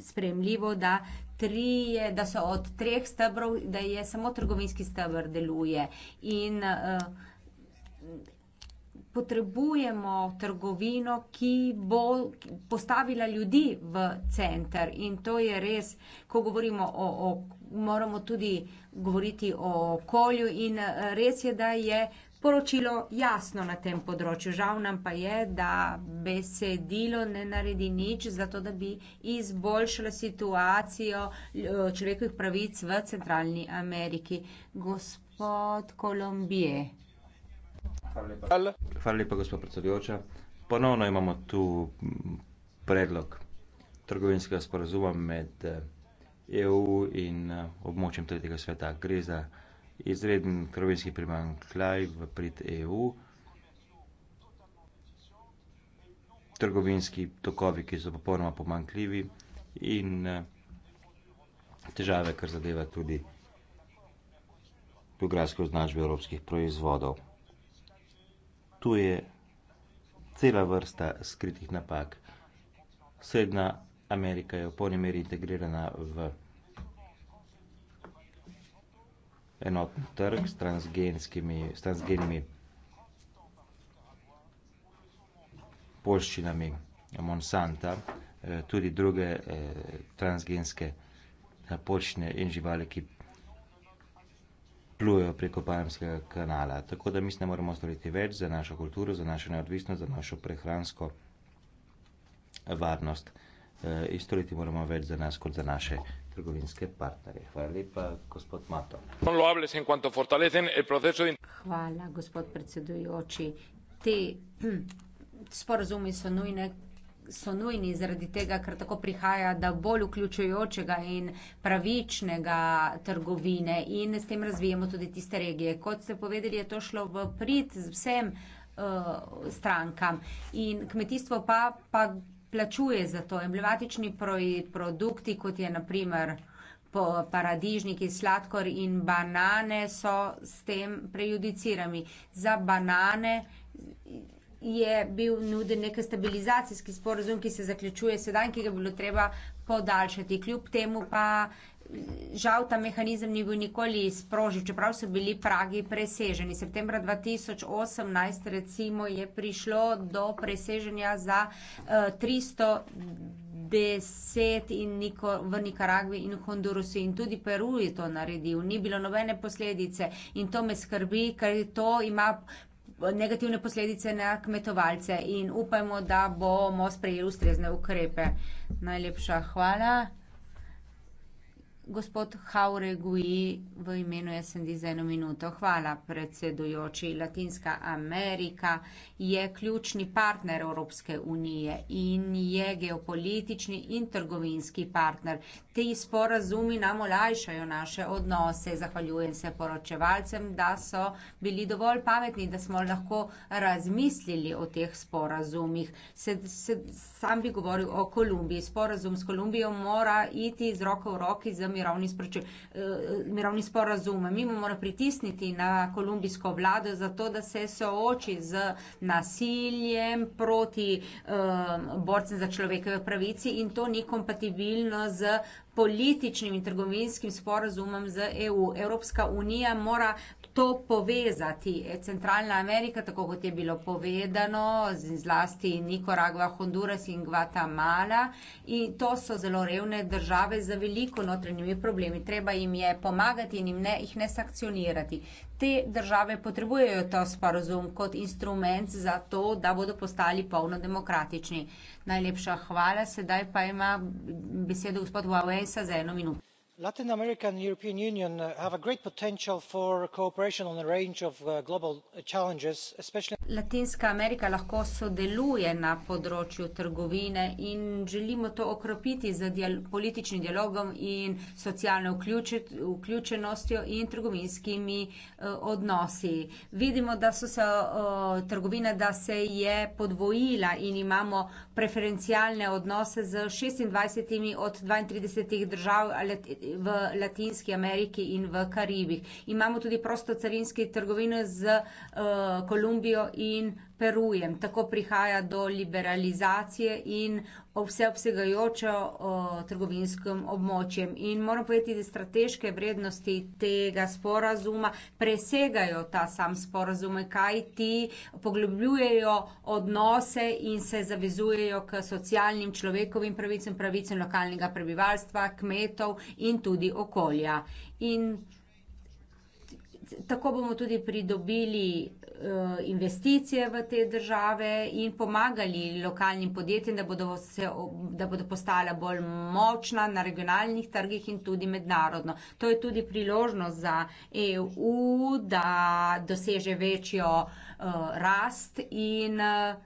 spremljivo, da, trije, da so od treh stebrov, da je samo trgovinski stebr deluje. In, eh, Potrebujemo trgovino, ki bo postavila ljudi v center in to je res, ko govorimo o, o, moramo tudi govoriti o okolju in eh, res je, da je poročilo jasno na tem področju. Žal nam pa je, da besedilo ne naredi nič za to, da bi izboljšalo situacijo eh, človekovih pravic v Centralni Ameriki. Gospod Kolombije. Hvala lepa, Hvala lepa gospod predsedujoča. Ponovno imamo tu mm, predlog trgovinskega sporazuma med EU eh, e in eh, območjem tretjega sveta. Gre za izreden krovinski primankljaj v prid EU, trgovinski tokovi, ki so popolnoma pomankljivi in eh, težave, kar zadeva tudi geografske označbe evropskih proizvodov. Tu je cela vrsta skritih napak. Srednja Amerika je v polni meri integrirana v enoten trg s transgenskimi, s transgenimi polščinami Monsanta, eh, tudi druge eh, transgenske eh, polščine in živali, ki plujejo preko Panamskega kanala. Tako da mi ne moremo storiti več za našo kulturo, za našo neodvisnost, za našo prehransko varnost. In storiti moramo več za nas kot za naše trgovinske partnerje. Hvala lepa, gospod Mato. No Hvala, gospod predsedujoči. Te hm, sporozumi so nujne so nujni zaradi tega, ker tako prihaja, da bolj vključujočega in pravičnega trgovine in s tem razvijemo tudi tiste regije. Kot ste povedali, je to šlo v prid z vsem uh, strankam in kmetijstvo pa. pa plačuje za to. Emblematični produkti, kot je naprimer paradižniki, sladkor in banane, so s tem prejudicirani. Za banane je bil nuden nek stabilizacijski sporozum, ki se zaključuje sedaj, ki ga bi bilo treba podaljšati. Kljub temu pa mm, žal ta mehanizem ni bil nikoli sprožil, čeprav so bili pragi preseženi. Septembra 2018 recimo je prišlo do preseženja za uh, eh, 310 in niko, v Nikaragvi in Hondurusu in tudi Peru je to naredil. Ni bilo nobene posledice in to me skrbi, ker to ima negativne posledice na kmetovalce in upajmo, da bomo sprejeli ustrezne ukrepe. Najlepša hvala. Gospod Hauregui v imenu SND za eno minuto. Hvala, predsedujoči. Latinska Amerika je ključni partner Evropske unije in je geopolitični in trgovinski partner. Ti sporazumi nam olajšajo naše odnose. Zahvaljujem se poročevalcem, da so bili dovolj pametni, da smo lahko razmislili o teh sporazumih. Se, se, sam bi govoril o Kolumbiji. Sporazum s Kolumbijo mora iti z roko v roki z mir mirovni, sproču, eh, eh, mirovni sporazum. Mi moramo pritisniti na kolumbijsko vlado za to, da se sooči z nasiljem proti um, borcem za človekove pravici in to ni kompatibilno z političnim in trgovinskim sporazumom z EU. Evropska unija mora to povezati. E, Centralna Amerika, tako kot je bilo povedano, zlasti Nicaragua, Honduras in Gvatemala. In to so zelo revne države z veliko notranjimi problemi. Treba jim je pomagati in jim ne, jih ne sankcionirati te države potrebujejo ta sporozum kot instrument za to, da bodo postali polno demokratični. Najlepša hvala, sedaj pa ima besedo gospod Wawensa za eno minuto latin america and the european union uh, have a great potential for cooperation on a range of uh, global uh, challenges especially. latinska amerika lahko sodeluje na področju trgovine in želimo to okrepiti z dial političnim dialogom in socialno vključenostjo in trgovinskimi uh, odnosi vidimo da so se uh, trgovina da se je podvojila in imamo preferencialne odnose z 26 od 32 držav v Latinski Ameriki in v Karibih. Imamo tudi prostocarinske trgovine z uh, Kolumbijo in Perujem. Tako prihaja do liberalizacije in vseobsegajočo trgovinskem območjem. In moram povedati, da strateške vrednosti tega sporazuma presegajo ta sam sporazum, kaj ti poglobljujejo odnose in se zavezujejo k socialnim človekovim pravicam, pravicam lokalnega prebivalstva, kmetov in tudi okolja. In tako bomo tudi pridobili Eh, investicije v te države in pomagali lokalnim podjetjem, da bodo, se, da bodo postala bolj močna na regionalnih trgih in tudi mednarodno. To je tudi priložnost za EU, da doseže večjo uh, rast in, uh,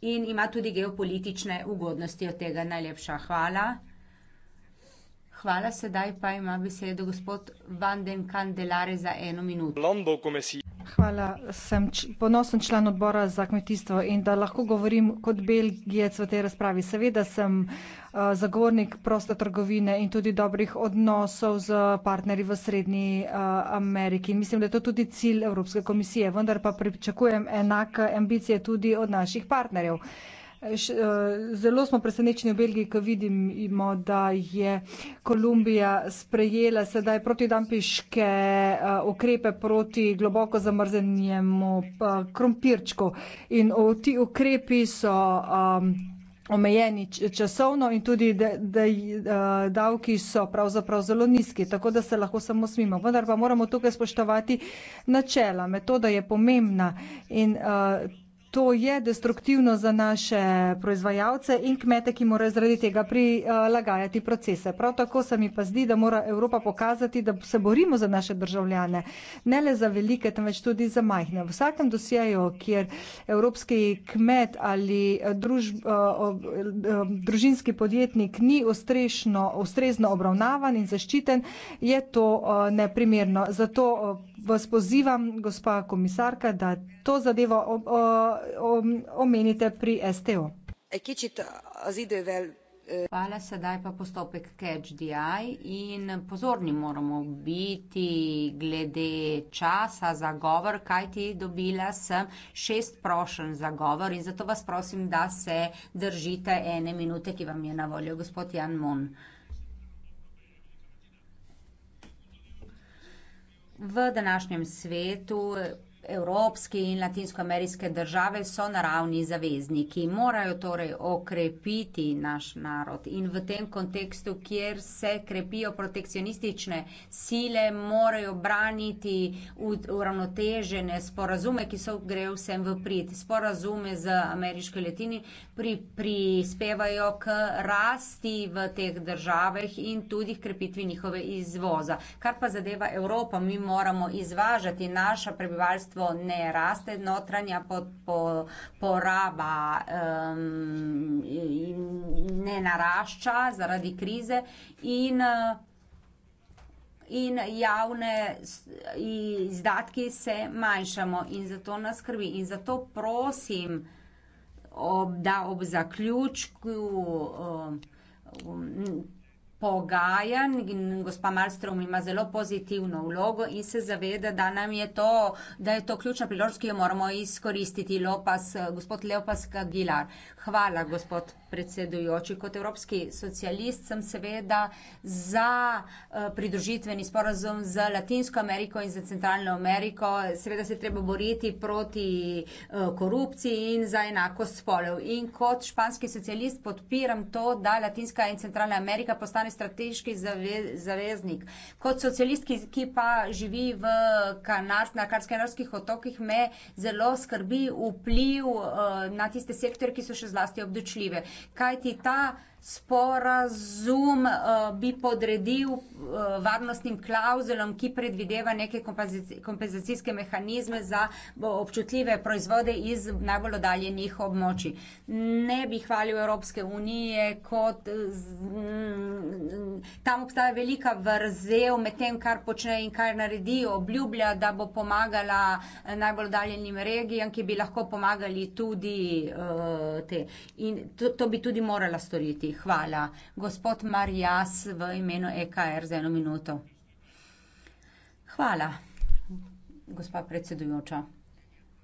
in ima tudi geopolitične ugodnosti od tega. Najlepša hvala. Hvala, sedaj pa ima besedo gospod Vanden Kandelare za eno minuto. London komisija hvala. Sem ponosen član odbora za kmetijstvo in da lahko govorim kot Belgijec v tej razpravi. Seveda sem eh, zagovornik proste trgovine in tudi dobrih odnosov z partnerji v Srednji eh, Ameriki. Mislim, da je to tudi cilj Evropske komisije, vendar pa pričakujem enake ambicije tudi od naših partnerjev. Eh, zelo smo presenečeni v Belgiji, ko vidimo, da je Kolumbija sprejela sedaj protidampiške eh, ukrepe proti globoko zamrznjemu eh, krompirčku. In ti ukrepi so um, omejeni časovno in tudi davki so pravzaprav zelo nizki, tako da se lahko samo smimo. Vendar pa moramo tukaj spoštovati načela. Metoda je pomembna in To je destruktivno za naše proizvajalce in kmete, ki morajo zaradi tega prilagajati procese. Prav tako se mi pa zdi, da mora Evropa pokazati, da se borimo za naše državljane, ne le za velike, temveč tudi za majhne. V vsakem dosjeju, kjer evropski kmet ali eh, druž, eh, eh, družinski podjetnik ni ustrezno obravnavan in zaščiten, je to neprimerno. Zato vas pozivam, gospa komisarka, da to zadevo omenite pri STO. Hvala, sedaj pa postopek catch-the-eye in pozorni moramo biti glede časa za govor, kajti dobila sem šest prošenj za govor in zato vas prosim, da se držite ene minute, ki vam je na voljo. Gospod Jan Mon. v današnjem svetu evropske in latinskoameriške države so naravni zavezniki, morajo torej okrepiti naš narod in v tem kontekstu, kjer se krepijo protekcionistične sile, morajo braniti uravnotežene sporazume, ki so gre vsem v prid. Sporazume z ameriške letini pri, prispevajo k rasti v teh državah in tudi krepitvi njihove izvoza. Kar pa zadeva Evropo, mi moramo izvažati naša prebivalstva gospodarstvo ne raste, notranja pod, po, poraba um, ne narašča zaradi krize in in javne izdatki se manjšamo in zato nas skrbi. In zato prosim, ob, da ob zaključku um, pogajanj in gospa Malstrom ima zelo pozitivno vlogo in se zaveda, da nam je to, da je to ključna priložnost, ki jo moramo izkoristiti. Lopas, gospod Leopas Gilar. Hvala, gospod predsedujoči. Kot evropski socialist sem seveda za eh, pridružitveni sporazum z Latinsko Ameriko in za Centralno Ameriko. Seveda se je treba boriti proti eh, korupciji in za enakost spolev. In kot španski socialist podpiram to, da Latinska in Centralna Amerika postane strateški zaveznik. Kot socialist, ki, ki pa živi v Kanar, na Karskenorskih otokih, me zelo skrbi vpliv eh, na tiste sektorje, ki so še zlasti obdočljive kajti ta sporazum uh, bi podredil uh, varnostnim klauzulam, ki predvideva neke kompenzacijske mehanizme za občutljive proizvode iz najbolj oddaljenih območij. Ne bi hvalil Evropske unije, kot mm, tam obstaja velika vrzel med tem, kar počne in kar naredi, obljublja, da bo pomagala eh, najbolj oddaljenim regijam, ki bi lahko pomagali tudi uh, te. In to, to bi tudi morala storiti. Hvala. Gospod Marjas v imenu EKR za eno minuto. Hvala, gospa predsedujoča.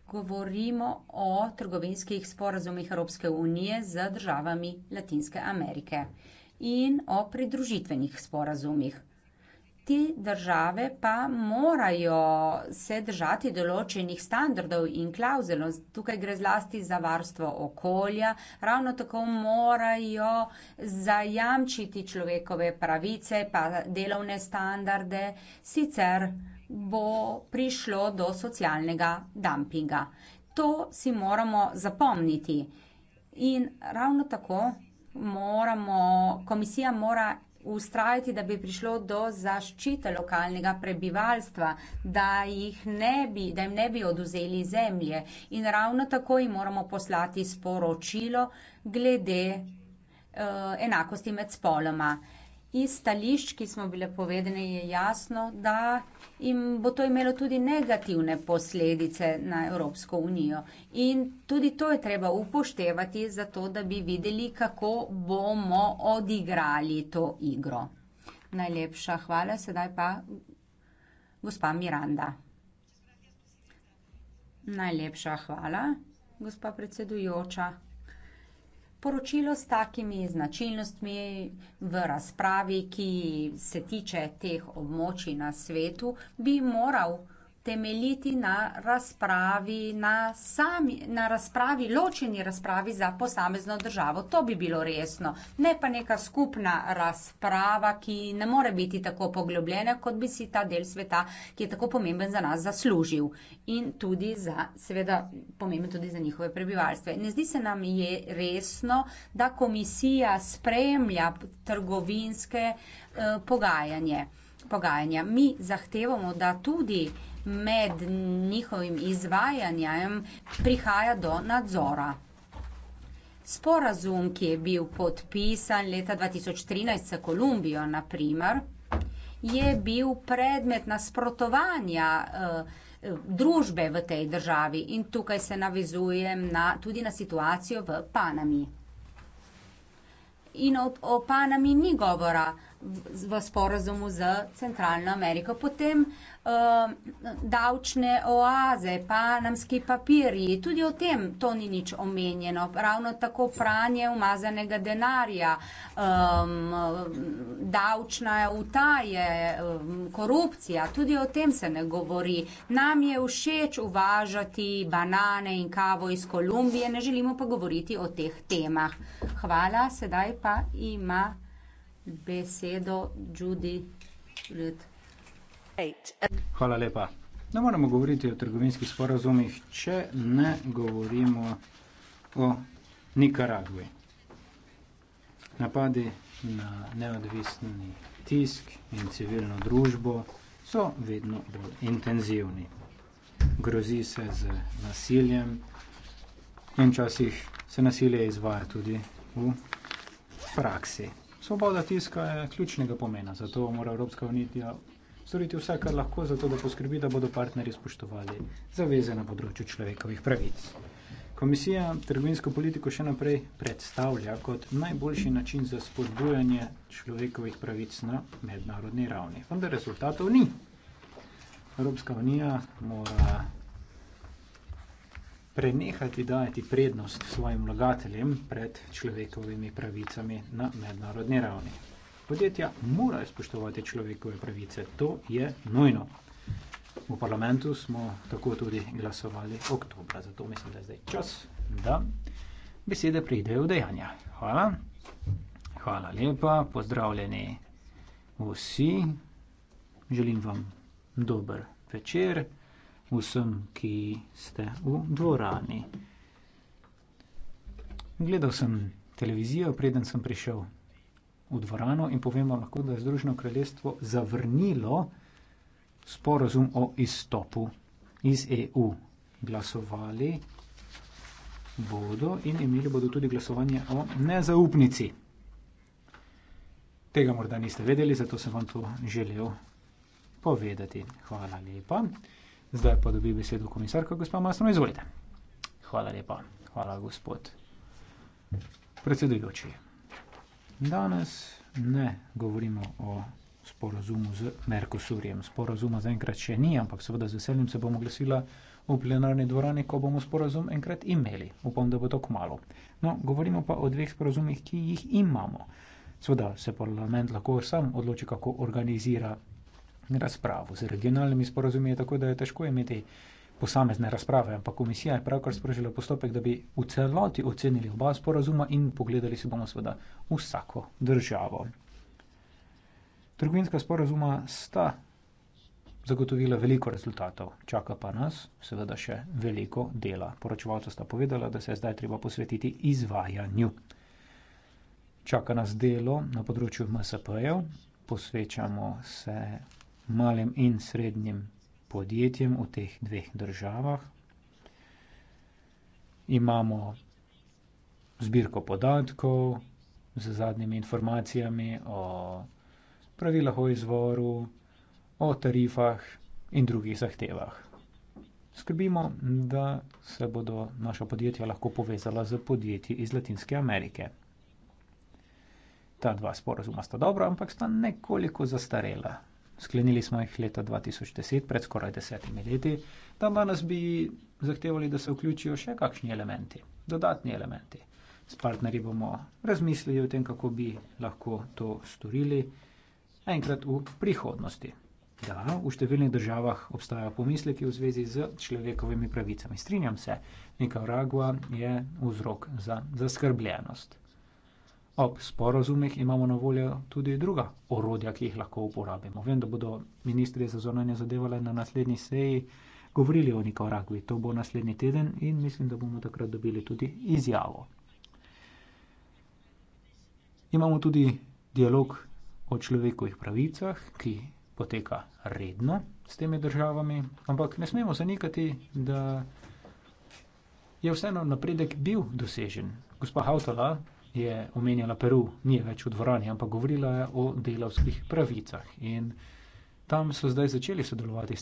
Govorimo o trgovinskih sporazumih Evropske unije z državami Latinske Amerike in o pridružitvenih sporazumih te države pa morajo se držati določenih standardov in klauzulov. Tukaj gre zlasti za varstvo okolja, ravno tako morajo zajamčiti človekove pravice pa delovne standarde, sicer bo prišlo do socialnega dumpinga. To si moramo zapomniti. In ravno tako moramo, komisija mora ustrajati, da bi prišlo do zaščite lokalnega prebivalstva, da, ne bi, da jim ne bi oduzeli zemlje. In ravno tako jim moramo poslati sporočilo glede uh, enakosti med spoloma. Uh, iz stališč, ki smo bile povedene, je jasno, da jim bo to imelo tudi negativne posledice na Evropsko unijo. In tudi to je treba upoštevati, zato da bi videli, kako bomo odigrali to igro. Najlepša hvala, sedaj pa gospa Miranda. Najlepša hvala, gospa predsedujoča sporočilo s takimi značilnostmi v razpravi, ki se tiče teh območij na svetu, bi moral temeljiti na razpravi, na, sami, na razpravi, ločeni razpravi za posamezno državo. To bi bilo resno, ne pa neka skupna razprava, ki ne more biti tako poglobljena, kot bi si ta del sveta, ki je tako pomemben za nas, zaslužil in tudi za, seveda, pomemben tudi za njihove prebivalstve. Ne zdi se nam je resno, da komisija spremlja trgovinske eh, pogajanje. pogajanja. Mi zahtevamo, da tudi med njihovim izvajanjem prihaja do nadzora. Sporazum, ki je bil podpisan leta 2013 s Kolumbijo, na primer, je bil predmet nasprotovanja eh, družbe v tej državi in tukaj se navezujem na, tudi na situacijo v Panami. In ob, o Panami ni govora v, v sporazumu z Centralno Ameriko. Potem uh, Um, davčne oaze, panamski papirji. Tudi o tem to ni nič omenjeno. Ravno tako pranje umazanega denarja, um, davčna utaje, um, korupcija. Tudi o tem se ne govori. Nam je všeč uvažati banane in kavo iz Kolumbije, ne želimo pa govoriti o teh temah. Hvala, sedaj pa ima besedo Judy Ludd. Hvala lepa. Ne moremo govoriti o trgovinskih sporazumih, če ne govorimo o Nikaragvi. Napadi na neodvisni tisk in civilno družbo so vedno bolj intenzivni. Grozi se z nasiljem in včasih se nasilje izvaja tudi v praksi. Svoboda tiska je ključnega pomena, zato mora Evropska unija storiti vse, kar lahko, zato da poskrbi, da bodo partnerji spoštovali zaveze na področju človekovih pravic. Komisija trgovinsko politiko še naprej predstavlja kot najboljši način za spodbujanje človekovih pravic na mednarodni ravni, vendar rezultatov ni. Evropska unija mora prenehati dajati prednost svojim vlagateljem pred človekovimi pravicami na mednarodni ravni. Podjetja morajo spoštovati človekove pravice, to je nujno. V parlamentu smo tako tudi glasovali oktobra, zato mislim, da je zdaj čas, da besede pridejo v dejanja. Hvala. Hvala lepa, pozdravljeni vsi. Želim vam dober večer vsem, ki ste v dvorani. Gledal sem televizijo, preden sem prišel v dvorano in povemo lahko, da je Združeno kraljestvo zavrnilo sporozum o izstopu iz EU. Glasovali bodo in imeli bodo tudi glasovanje o nezaupnici. Tega morda niste vedeli, zato sem vam to želel povedati. Hvala lepa. Zdaj pa dobi besedo komisarka, gospa Masno, izvolite. Hvala lepa. Hvala, gospod predsedujoči. Danes ne govorimo o sporazumu z Merkosurjem. Sporazuma zaenkrat še ni, ampak seveda z veseljem se bomo glasila v plenarni dvorani, ko bomo sporazum enkrat imeli. Upam, da bo to kmalo. No, govorimo pa o dveh sporazumih, ki jih imamo. Seveda se parlament lahko sam odloči, kako organizira razpravo. Z regionalnimi sporazumi je tako, da je težko imeti posamezne razprave, ampak komisija je pravkar sprožila postopek, da bi v celoti ocenili oba sporazuma in pogledali si bomo seveda vsako državo. Trgovinska sporazuma sta zagotovila veliko rezultatov, čaka pa nas seveda še veliko dela. Poročevalca sta povedala, da se je zdaj treba posvetiti izvajanju. Čaka nas delo na področju MSP-jev, posvečamo se malim in srednjim podjetjem v teh dveh državah. Imamo zbirko podatkov z zadnjimi informacijami o pravilah o izvoru, o tarifah in drugih zahtevah. Skrbimo, da se bodo naša podjetja lahko povezala z podjetji iz Latinske Amerike. Ta dva sporazuma sta dobra, ampak sta nekoliko zastarela sklenili smo jih leta 2010, pred skoraj desetimi leti, da danes bi zahtevali, da se vključijo še kakšni elementi, dodatni elementi. S partnerji bomo razmislili o tem, kako bi lahko to storili enkrat v prihodnosti. Da, v številnih državah obstajajo pomisleki v zvezi z človekovimi pravicami. Strinjam se, neka vragua je vzrok za zaskrbljenost. Ob sporozumih imamo na voljo tudi druga orodja, ki jih lahko uporabimo. Vem, da bodo ministri za zornanje zadevale na naslednji seji govorili o Nikaragvi. To bo naslednji teden in mislim, da bomo takrat dobili tudi izjavo. Imamo tudi dialog o človekovih pravicah, ki poteka redno s temi državami, ampak ne smemo zanikati, da je vseeno napredek bil dosežen. Gospa Hautala, je omenjala Peru, ni več v dvorani, ampak govorila je o delavskih pravicah. In tam so zdaj začeli sodelovati s